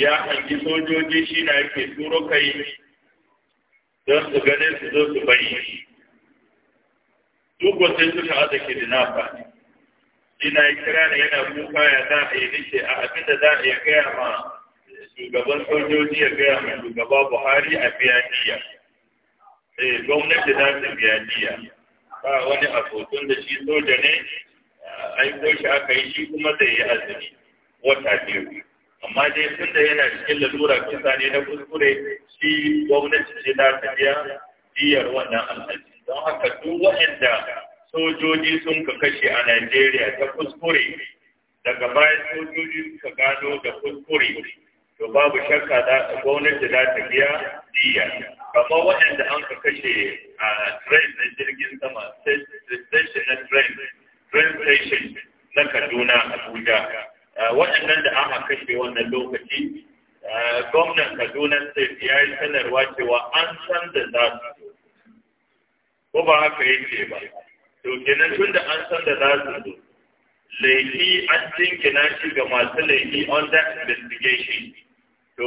Speaker 2: ya hangi sojoji shi na yake turo kai don su ganin su zo su bari shi duk wasu suka haɗa ke dinafa ina kira da yana kuka ya za a yi nake a abin da za a iya gaya ma shugaban sojoji ya gaya ma shugaba buhari a biya eh gwamnati za ta biya diya ba wani abokin da shi soja ne aiko shi aka yi shi kuma zai yi azumi wata biyu amma dai tun da yana cikin lura kisa ne na kuskure shi gwamnati ce za ta biya jiyar wannan alhaji don haka duk waɗanda sojoji sun ka kashe a Najeriya ta kuskure daga bayan sojoji suka gano da kuskure to babu shakka da gwamnati za ta biya diya kamar waɗanda an ka kashe a train na jirgin sama station na train train station na kaduna abuja waɗannan da aka kashe wannan lokaci gwamnan kaduna state ya yi sanarwa cewa an san da za su ko ba haka yake ba to kenan tun da an san da za su zo laifi an na shi ga masu laifi on that investigation to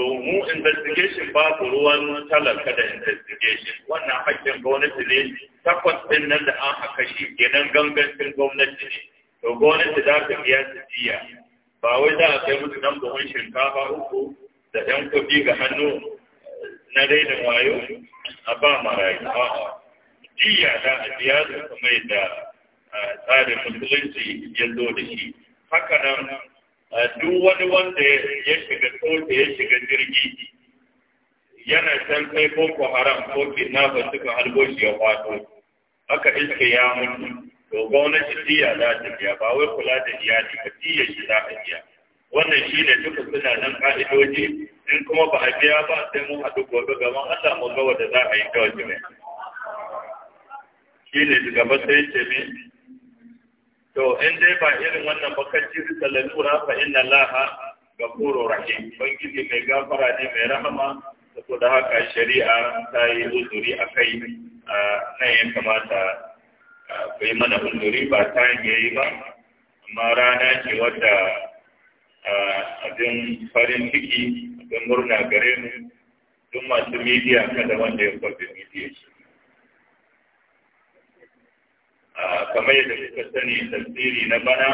Speaker 2: investigation babu ruwan talaka da investigation wannan hakkin gwamnati ne takwas ɗin nan da an haka shi kenan gangancin gwamnati ne to gwamnati za ta biya su jiya ba wai za a kai musu nan buhun shinkafa uku da ɗan kuɗi ga hannu na daina wayo a ba marayu a'a jiya za a biya su kuma da tsarin musulunci ya zo da shi haka nan duk wani wanda ya shiga tsoke ya shiga jirgi yana can kai boko haram ko kidnapper suka harbo shi ya kwato haka iske ya mutu to gwamnati tiya za ta biya ba wai kula da iyali ba tiya shi za a biya wannan shi ne duka suna nan ka'idoji in kuma ba a biya ba sai mun haɗu gobe gaban Allah mu ga wanda za a yi kawai ne shi ne daga sai ce to in dai ba irin wannan bakanci kan jiri lalura fa inna laha gafuru rahim bangiji mai gafara ne mai rahama saboda haka shari'a ta yi uzuri a kai nan ya kamata ku yi mana uzuri ba ta yi ba amma rana ce wadda abin farin ciki abin murna gare mu duk masu midiya kada wanda ya kwafi midiya shi kamar yadda kuka sani tasiri na bana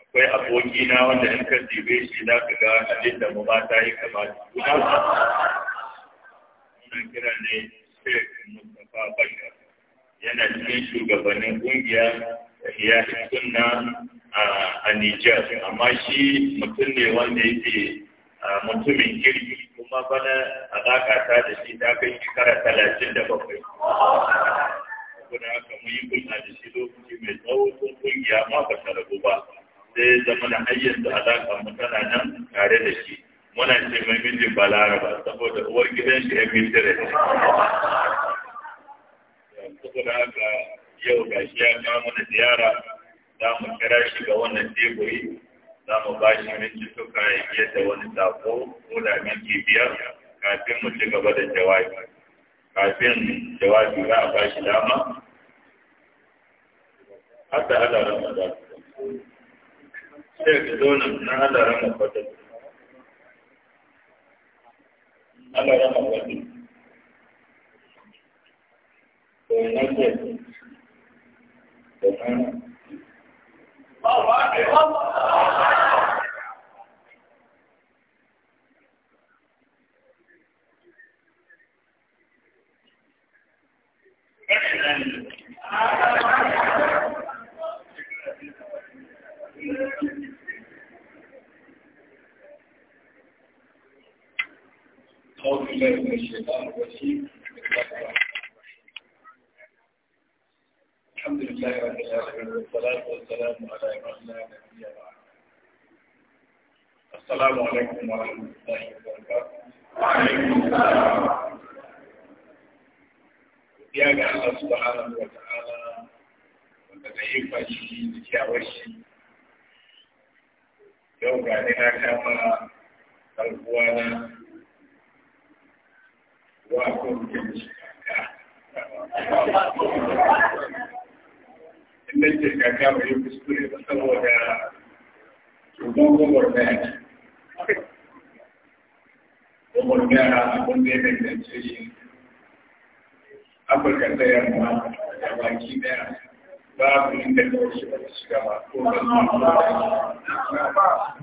Speaker 2: akwai abokina na wanda in ka jibe shi za ka ga abin da mu mata yi kama da guda
Speaker 3: wannan kira ne
Speaker 2: sheik Mustapha Bashar yana cikin shugabannin kungiya ya sunna a Nijar amma shi mutum ne wanda yake mutumin kirki kuma bana alaƙa ta da shi ta kai shekara talatin da bakwai saboda haka mun yi hulɗa da shi lokaci mai tsawo tun kungiya ma ba ta rabu ba sai zama da har yanzu alaƙa mu tana nan tare da shi muna ce mai mijin ba saboda uwar gidan shi ya fitire saboda haka yau ga shi ya kama mana ziyara za mu kira shi ga wannan teburi za mu ba shi mintituka ya da wani sako ko da minti biyar kafin mu ci gaba da jawabi kafin jawabi za a ba shi dama har da hadarin da
Speaker 3: za sai ka zo na da kwata
Speaker 1: to na ce kana Excellent.
Speaker 3: أعوذ بالله من الشيطان الرجيم الحمد لله رب العالمين والصلاة والسلام على رسول الله نبينا محمد السلام عليكم ورحمة الله وبركاته وعليكم السلام ya ga Allah subhanahu wa ta'ala wanda ta yi fashi da kyawar shi yau ga ni na kama ɗan'uwa na wa kuma mutum shi inda ke kaka mai kuskure ba saboda dogon na yaki. Dogon gwamnati abin da ya danganci
Speaker 2: afirka ta yamma da baki daya babu inda kawai
Speaker 3: ba su gaba ko ba su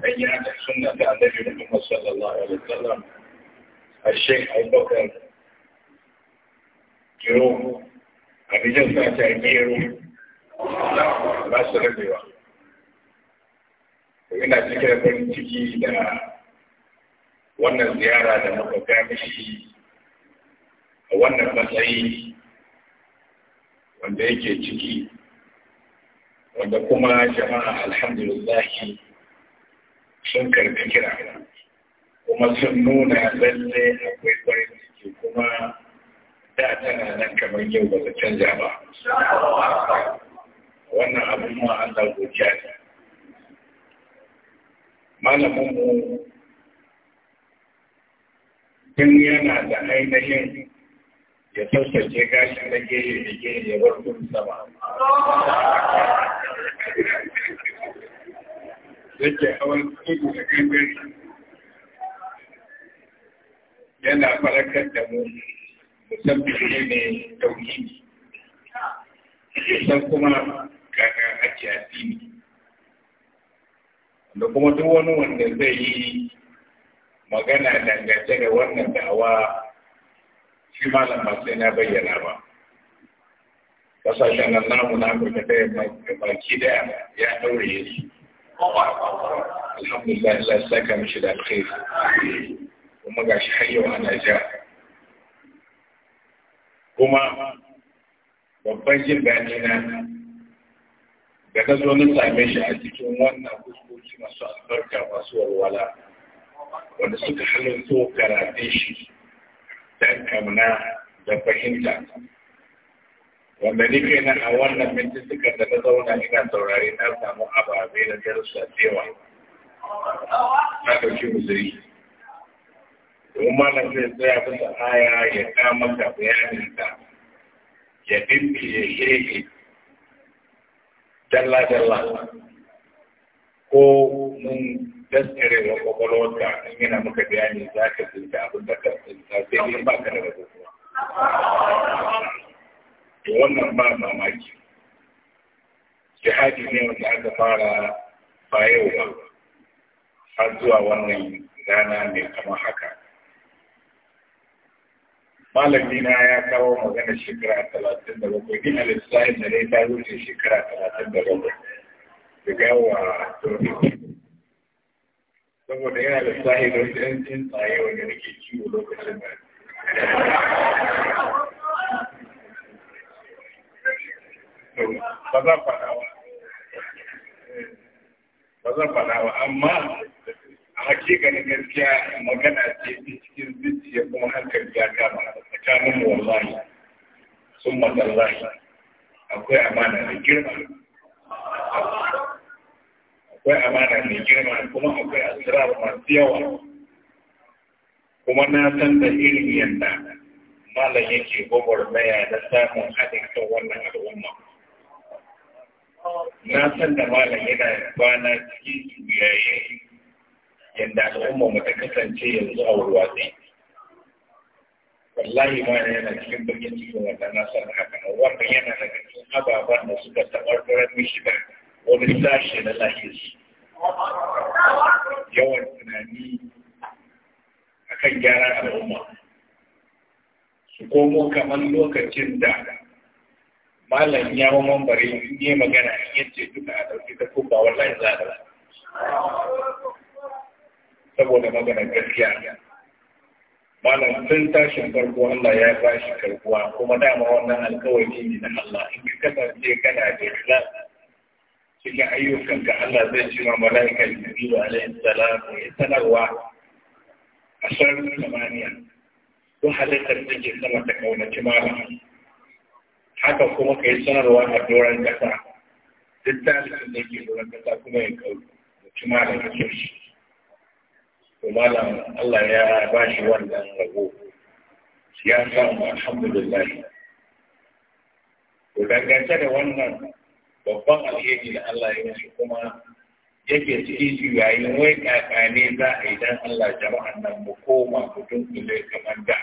Speaker 3: bayyana da suna ta annabi Muhammad sallallahu alaihi wasallam a Sheikh Abubakar
Speaker 2: Kiro a bijin sa ta Kiro ba su rabewa ina cikin farin ciki da wannan ziyara da muka gami a wannan matsayi wanda yake ciki wanda kuma jama'a alhamdulillah sun karɓi kira kuma sun nuna lalle akwai farin ciki kuma da
Speaker 3: tana nan kamar yau ba ta canja ba wannan abin ma Allah godiya ne malamin mu tun yana da ainihin ya
Speaker 2: sauƙaƙe gashi na gehe da gehe ya bar kun sama.
Speaker 3: Yake hawan tudu da gangare yana farakar da mu musamman ne mai tauhidi. San kuma kaka ake
Speaker 2: addini. Da kuma duk wani wanda zai yi magana dangance da wannan da'awa shi malam ba sai na bayyana ba kasashen nan namu na
Speaker 3: Afirka ta yamma baki
Speaker 2: daya ya daure su alhamdulillah Allah saka mishi da alkhairi kuma shi har yau ana ja kuma babban jin daɗi na da ka zo na same shi a cikin wannan huskoki masu albarka masu walwala wanda suka halarta karatun shi dan da fahimta wanda ni kaina a wannan suka da na zauna ina saurari na samu ababe na darussa da na ɗauki uzuri domin malam zai tsaya kusa aya ya kama ka bayanin ka ya bimbi ya shege dalla dalla
Speaker 1: ko
Speaker 3: mun
Speaker 2: daskare wa kwakwalwarka in yana maka bayani za ka tsinta abin da ka tsinta sai in ba ka da rabo
Speaker 1: kuma.
Speaker 2: Wannan ba mamaki. Jihadi ne wanda aka fara ba yau ba har zuwa wannan rana mai kama haka. Malami na ya kawo magana shekara talatin da bakwai, ni a lissafin da dai ta wuce shekara talatin da bakwai. a yawa, saboda yana da sahihin ɗan tsaye
Speaker 3: wanda nake kiwo lokacin da
Speaker 2: ba zan faɗawa ba zan faɗawa amma a hakikanin gaskiya magana ce cikin zuciya kuma hankali ya kama tsakanin wallahi sun masallahi akwai amana da girma akwai amana mai girma kuma akwai asirar masu yawa kuma na san da irin yadda malam yake gwagwarmaya na samun haɗin kan wannan al'umma
Speaker 3: na san da
Speaker 2: malam yana kwana cikin juyaye yadda al'umma mu ta kasance yanzu a wurwatsi wallahi ma yana cikin bakin cikin wannan na san haka wannan yana daga cikin ababen da suka taɓarɓarar mishi da wani sashe na lahiri
Speaker 1: yawan tunani
Speaker 2: a kan gyara al'umma su komo kamar lokacin da malam ya wa bare ne magana in yace duka a ɗauki ta kuma wallahi za a saboda magana gaskiya malam tun tashin farko Allah ya ba shi karbuwa kuma dama wannan alkawari ne na Allah in ka kasance kana da ikhlas cikin ayyukan ka Allah zai ci ma mala'ikan Jibrilu alayhi salam ya sanarwa a sharri samaniya don halittar da ke sama ta kaunaci malama haka kuma ka yi sanarwa a doron kasa duk dalibin da ke doron kasa kuma ya kaunaci malama kirshi Kuma malam Allah ya ba shi wannan rago ya samu alhamdulillah Ku dangance da wannan babban alheri da Allah ya yi kuma yake cikin shi yayin wai ne za a idan Allah jama'an nan mu koma mu dunkule kamar da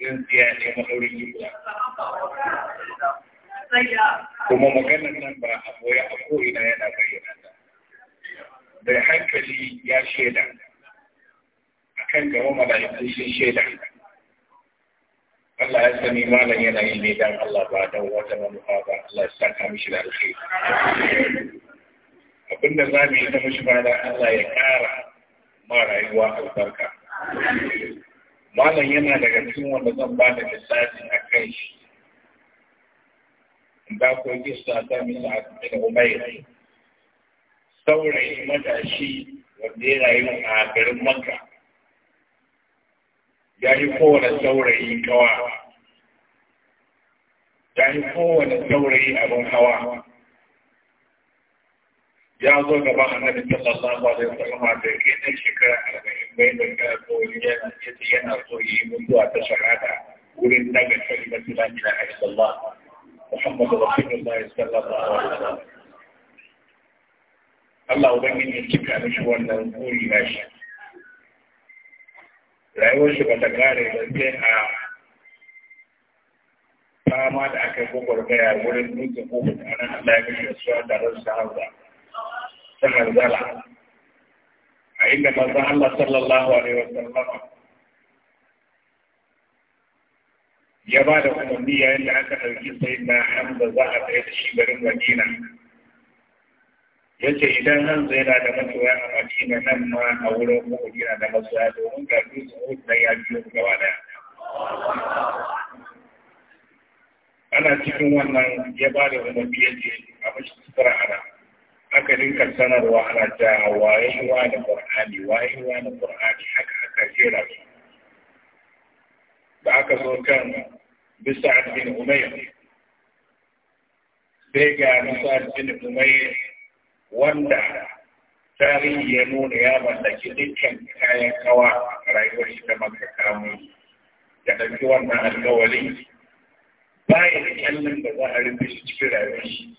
Speaker 2: in siya ne mahaurin jibla. Kuma maganar nan ba a koya a ko'ina yana bayyana ta. Da hankali ya shaida, a kan gaba mala'ikun shaida. Allah ya sani malam yana yi ne dan Allah ba dan wata manufa ba Allah ya saka mishi da alkhairi abinda za mu yi ta mishi bada Allah ya kara ma rayuwa albarka malam yana daga cikin wanda zan ba da lissafi a kan shi da ko kisa ta misa a cikin umayyar saurayi matashi wanda ya rayu a garin makka ya yi kowane saurayi kawa ya yi kowane saurayi abin hawa ya zo gaba annabi sallallahu alaihi wasallam da ke nan shekara arba'in bai da ga koyi yana yace yana so yi mutuwa ta shahada wurin daga kalimatu la ilaha illallah muhammadu rasulullahi sallallahu alaihi wasallam Allah ubangiji ya cika mishi wannan buri na shi rayuwar shi ba ta kare ba sai a fama da aka gogor gaya wurin dutse da mutanen Allah ya kashe su da ransa hauza
Speaker 3: ta hanzala a inda manzon Allah sallallahu alaihi wasallam ya ba da umarni
Speaker 2: yayin da aka ɗauki sai na hamza za a tsaye da shi garin Madina yace idan nan zai na da masoya a madina nan ma a wurin uhud yana da masoya domin ga dutsen uhud da ya biyo gaba daya ana cikin wannan ya ba da umarni ya a mashi sutura ana aka dinka sanarwa ana ta waye ruwa da qur'ani waye da qur'ani haka aka jera su da aka zo kan bisa bin umayr sai ga musa bin umayr wanda tarihi ya nuna ya mallaki dukkan kayan kawa a rayuwar shi da maka kamu ya ɗauki wannan alkawalin baya da kyallin da za a rufe shi cikin rayuwar shi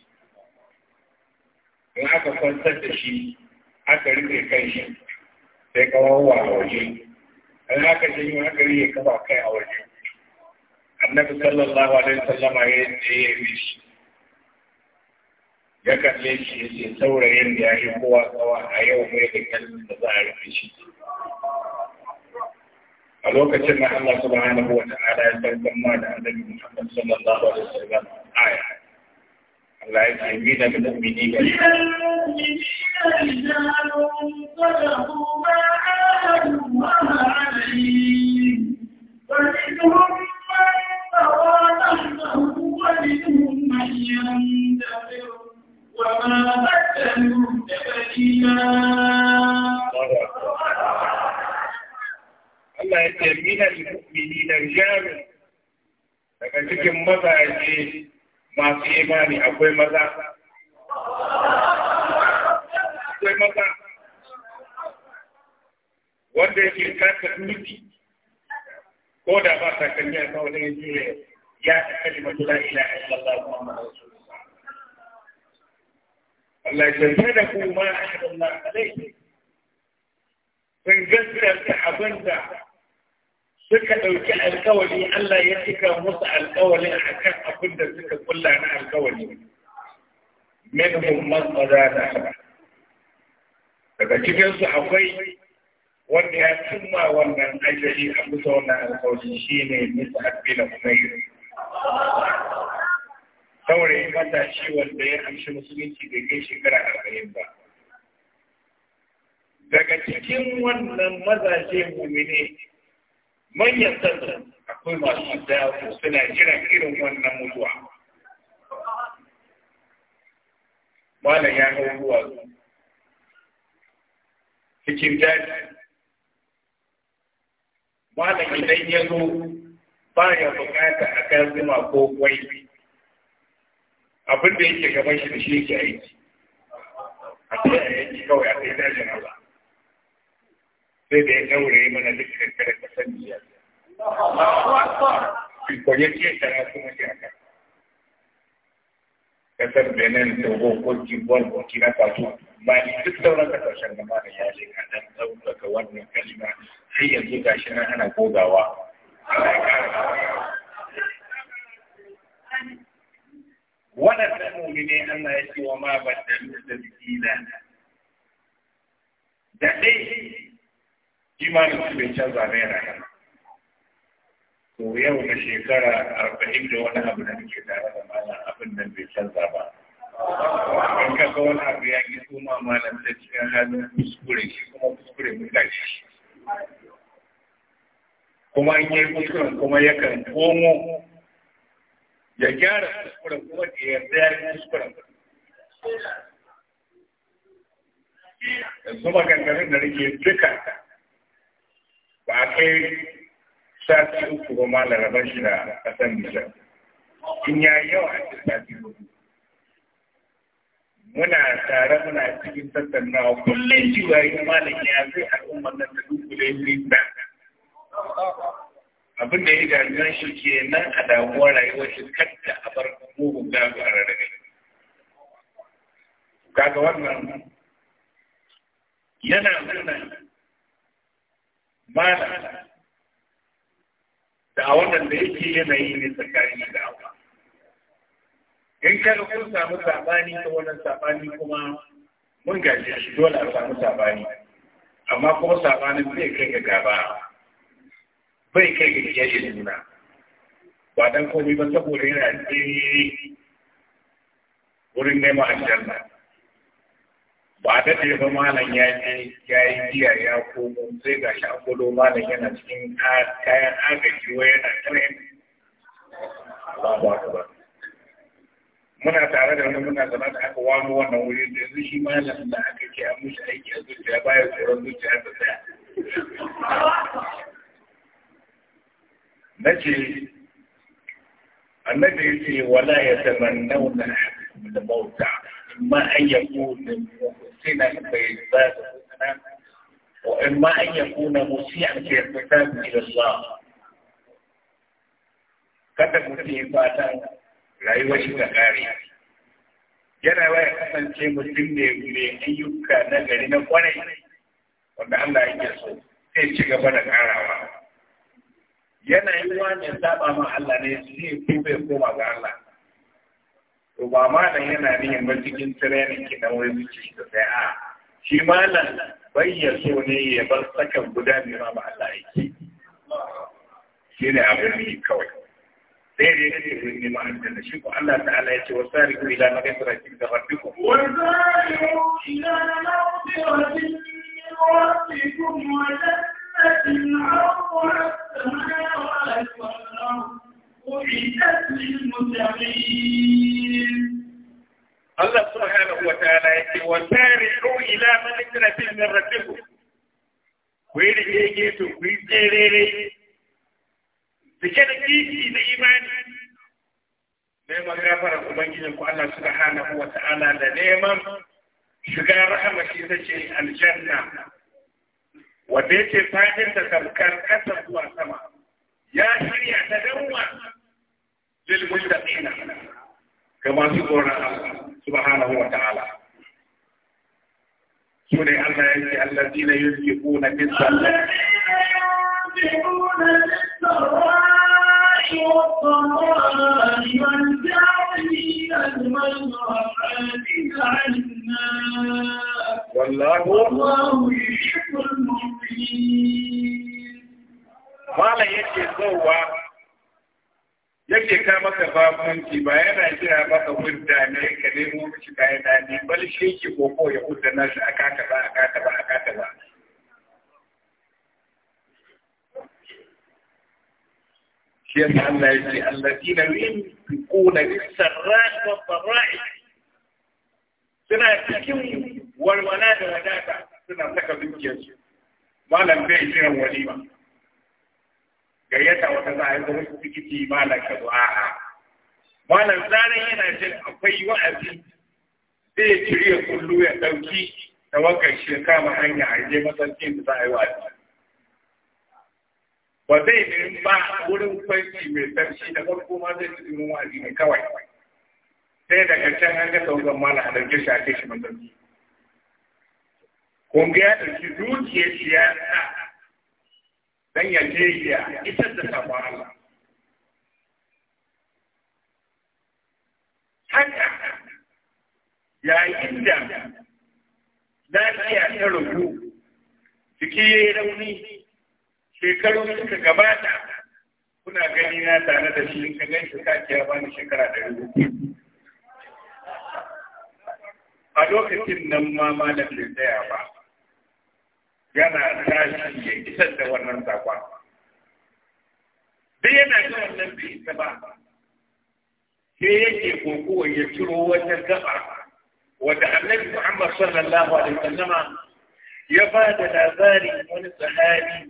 Speaker 2: in aka kwantar da shi aka rufe kai shi sai kawawa a waje in aka janyo aka ya kama kai a waje annabi sallallahu alaihi wasallama ya yi tsaye ya shi ya kalle shi ya ce saurayin da ya yi kowa tsawa a yau mai da kallon da za a rufe shi a lokacin na Allah subhanahu wa ta'ala ya san ma
Speaker 3: da annabi Muhammad
Speaker 2: sallallahu alaihi wasallam aya Allah ya ce bi da mu'mini ga
Speaker 1: ومنهم من تواضع له ومنهم من ينقص وما بدلوا تبديلا Allah ya ce minal mu'minina rijalun daga cikin
Speaker 2: mazaje masu imani akwai maza akwai maza wanda yake kasa duki ko da ba ta kanya ta wani jure ya ta kalimatu la ilaha illallah muhammadu rasulullah Allah ya da ku ma ahadun Allah alaihi sun gaskata abin da suka ɗauki alkawari Allah ya cika musu alkawari a kan abin da suka kulla na alkawari. Minhum man da Daga cikinsu akwai wanda ya cimma wannan ajali a kusa wannan alkawari shi ne Musa kuma
Speaker 3: Umair.
Speaker 2: saurayi matashi wanda ya amshi musulunci da kai shekara arba'in ba daga cikin wannan mazaje mumine manyan sassa akwai masu dawo suna jiran irin wannan mutuwa malam ya hau ruwa cikin daji malam idan ya zo ba ya bukata a kan zuma ko kwai abin da yake gaban shi da shi yake aiki a sai a yanki kawai a sai dajin Allah sai da ya daure mana duk da kare ka sani ya ko ya ce tara kuma ya ka kasar Benin Togo ko Gibon ko Kina kwato ba ni duk sauran kasashen da ya ce ka dan ɗaukaka wannan kalima sai yanzu gashi na ana gogawa ana ƙara waɗannan mu'mine Allah ya ce wa ma baddalu tabdila da dai imanin su bai canza mai rana to yau na shekara arba'in da wani abu da muke tare da mana abin nan bai canza ba in ka ga wani abu ya ki ma malam ta cikin halin kuskure shi kuma kuskure mun gashi shi kuma an yi kuskuren kuma yakan komo ya gyara kuskuren kuma da yarda ya yi kuskuren yanzu maganganun da nake duka ba a kai sati uku ba ma larabar shi da ƙasar Nijar. In ya yi yawa a cikin sati uku. Muna tare muna cikin tattaunawa kullum jiwa yi malam ya zai al'ummar nan ta dubu da yin abin da ya gajiyar shi ke nan a damuwa rayuwar shi kanta a bar mugun gago a rarrabe kaga wannan yana nuna mana da a wannan da yake yanayi ne tsakanin da awa in kaga kun samu sabani ta wannan sabani kuma mun gaje shi dole a samu sabani amma kuma sabanin zai kai ga gaba bai kai ga iyali suna. ba dan komai ba saboda yana tsiri wurin neman aljanna ba da ɗaya ba malam ya je ya yi jiya ya komo sai ga shi an malam yana cikin kayan agaji wa yana tren muna tare da wani muna zama da aka wani wannan wuri da yanzu
Speaker 3: shi malam da aka ke a mushi aiki a zuciya bayan tsoron zuciya da tsaya nace
Speaker 2: annabi yace wala yatamannawna al-mauta imma an yakuna muhsinan fi ibadati وإما أن يكون مسيئا في الكتاب إلى الله kada ku ya fata rayuwar shi ta kare yana waya kasance mutum ne mai ayyuka na gari na kwarai wanda Allah yake so sai ci gaba da karawa yanayin wani saba ma Allah ne shi ko bai koma ga Allah to ba malam yana nihin ba cikin training ki dan wai zuci da sai a shi malam bai ya so ne ya bar sakan guda ne ma ba Allah yake shi ne abin yi kawai sai dai yake zai nema da shi ko Allah ta'ala ya ce wa sariqu ila maghfiratin min rabbikum wa
Speaker 1: sariqu ila maghfiratin min rabbikum wa Allah subhanahu wa ta'ala yake
Speaker 2: wa tari'u ila malikratin min rabbikum ku yi rike geto ku yi tserere cike da kishi na imani neman gafarar ubangijin ku Allah subhanahu wa ta'ala da neman shiga rahama shi ta aljanna wanda yake fadin da tamkar ƙasa zuwa sama ya shirya ta dan wasa lil muttaqina ga masu tsoron Allah subhanahu wa ta'ala sune Allah ce, Allah zina bis-salati na bis sallar.
Speaker 1: والضراء والجاهلين المنعمات yake ka maka
Speaker 2: babanci ba yana jira maka hudda ne ka nemo mishi kayan dani bal shi koko ya hudda nashi aka ka ba shi Allah ya ce alladina yunfiquna bis-sarra'i wad-dharra'i suna cikin walwala da wadata suna saka dukiyarsu malam bai jiran walima gayyata wata za a yi zama tikiti malam ka du'a malam zaran yana jin akwai wa'azi zai cire kullu ya dauki tawakkar shi ya kama hanya a je masallacin da za a yi wa'azi ba zai nemi ba wurin kwanci mai sarki da farko ma zai ci wurin wa'azi ne kawai sai daga can an ga sauran mala a ɗauke shi a kai shi manzanni kun ga ya ɗauki zuciya shi ya sa dan ya je ya isar da sabon Allah haka yayin da lafiya ta rubu ciki ya yi rauni shekaru suka gabata kuna gani na tare da shi ka gan shi ka ya bani shekara da rubu a lokacin nan ma malam bai tsaya ba yana tashi ya isar da wannan sakon duk yana da wannan bai isa ba sai yake kokowa ya ciro wata gaba wadda annabi Muhammad sallallahu alaihi wasallama ya ba da labari wani
Speaker 3: sahabi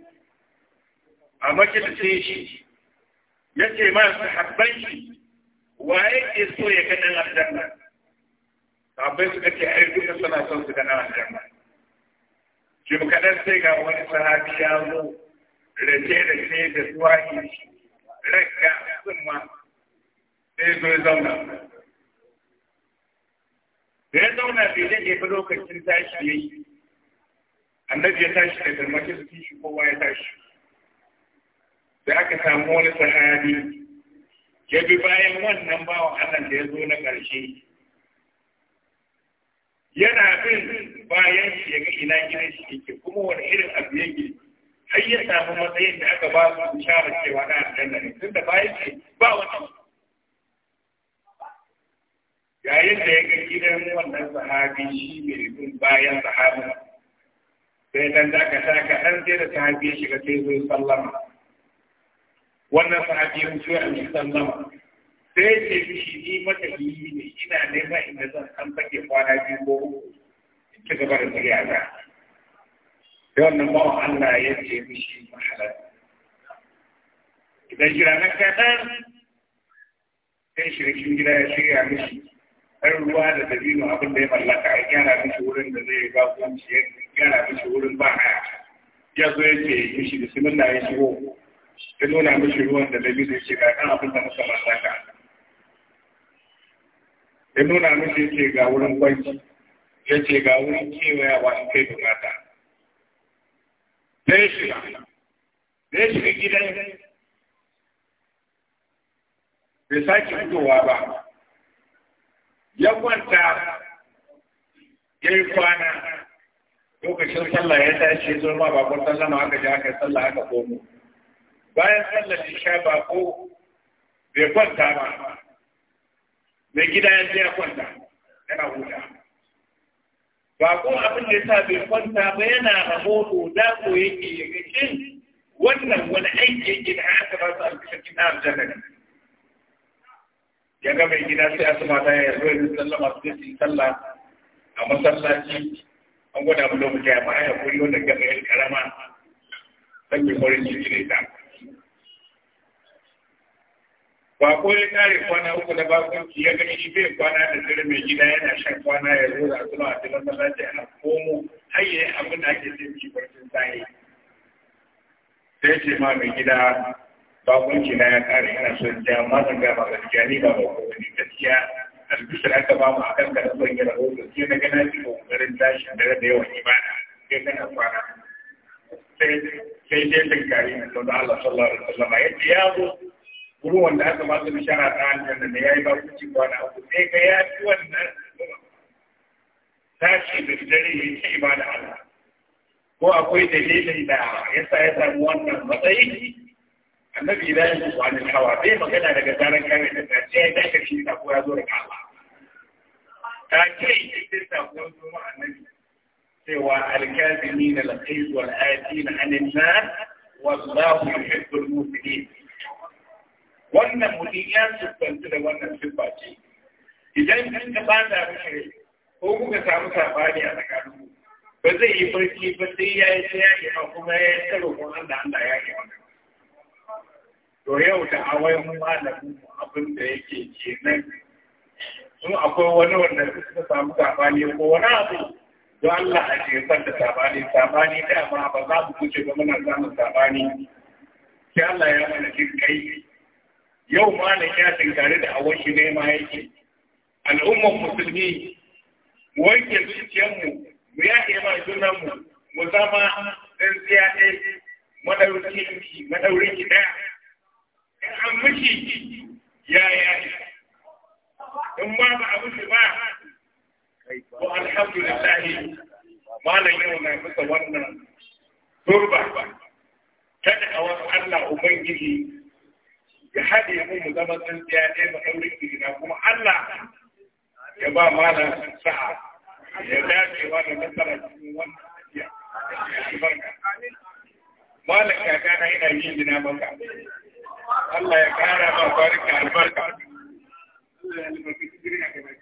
Speaker 2: a makilce shi ya ce ma su sahabban shi waye ke so ya ga ɗan aljanna su suka ce ai duka suna son su ga ɗan aljanna shi kaɗan sai ga wani sahabi ya zo rake da ke da tuwaki rakka sun ma sai zo ya zauna da ya zauna bai ke ba lokacin tashi ya yi annabi ya tashi da makilci shi kowa ya tashi da aka samu wani sahabi ya bi bayan wannan bawa Allah da ya zo na ƙarshe yana bin bayan shi ya ga ina gidan shi yake kuma wani irin abu yake har ya samu matsayin da aka ba su shara cewa na aljanna ne tunda bayan shi ba wani yayin da ya ga gidan wannan sahabi shi mai bin bayan sahabi sai dan da aka sa ka sai da sahabi ya shiga sai zai sallama wannan sahabi ya mutu ya mutu sallama sai ce mishi ni matafiyi ne ina nema inda zan san fage kwana biyu ko uku in ci gaba da tafiya ta
Speaker 3: sai wannan bawan
Speaker 2: Allah ya ce mishi mahalar idan jira na kaɗan sai shirikin gida ya shirya mishi ɗan ruwa da dabino abin da ya mallaka ya gyara mishi wurin da zai ba kunci ya gyara mishi wurin ba haya ya zo ya ce mishi bismillah ya shigo ta nuna mishi ruwan da dabino ce ga kan abin da muka mallaka ya nuna mishi yake ga wurin kwanci ya ce ga wurin kewayawa in kai bukata zai shiga zai shiga gidan bai sake fitowa ba ya kwanta ya yi kwana lokacin sallah ya tashi ya zo ma bakon sallama aka ji aka sallah aka komo bayan sallar isha ba ko bai kwanta ba mai gida ya je ya kwanta yana huta ba ko abin da ya sa bai kwanta ba yana rahoto da ko yake yake shin wannan wani aiki yake da aka ba su alƙashin na aljanna ne. Yaga mai gida sai suma ta ya zo ya sallama su yi sallah a masallaci an gwada mu lokaci amma ya koyi wannan gaba yin karama sai mai horin ciki ne ta ba ko ya kare kwana uku da bakunci ya gani shi bai kwana da dare mai gida yana shan kwana ya zo da asuma a cikin masallaci ana komo har yayi abin da ake zai ci barcin sai ce ma mai gida bakunci na ya kare yana so ja ma zan ga ba gaskiya ni ba ba ko ni gaskiya albishir aka ba mu a kan kan son yi rahoto sai na gana shi kokarin tashi dare da yawan ibada sai kana kwana sai sai dai tunkari na sallallahu alaihi wasallam ya ce ya zo ruwan wanda aka ba su bishara ta aljanna da yayi ba kuci kwana uku sai ga ya ci wannan tashi da dare ya ci ibada Allah ko akwai dalilin da yasa ya samu wannan matsayi annabi idan ya kwana hawa bai magana daga zaran kare da ta ce ya dace shi ta ko ya zo daga Allah ta ce idan ta ko zuwa annabi سوى الكاذبين الغيظ والآتين عن الناس والله يحب المسلمين wannan mutum ya siffanta da wannan siffa ce idan kan ka ba da rashin ko kuka samu sabani a tsakanin ba zai yi farki ba sai ya yi tsaya ya kuma ya yi ta ko Allah Allah ya yi wani to yau da awai mu malamu abin da yake kenan in akwai wani wanda suka samu sabani ko wani abu don Allah a ke san da sabani sabani da ma ba za mu kuce ba muna samun sabani sai Allah ya mana kin kai yau malam ya tare da awon shi ne ma yake al'ummar musulmi mu wanke zuciyarmu mu ke ma junanmu mu zama ɗan tsiyaɗe madaurinki madaurinki ɗaya
Speaker 1: in an mishi yaya in ma ba a mishi ba
Speaker 2: to alhamdulillahi. malam yau na bisa wannan turba ta wasu Allah Ubangiji ya haɗe mu mu zama tsintsiya ɗaya mu ɗaurin gina kuma Allah ya ba malam sa'a ya dacewa
Speaker 3: da nasara cikin wannan malam ya na yana yi gina maka
Speaker 1: Allah ya kara ba barka albarka Allah
Speaker 2: ya albarka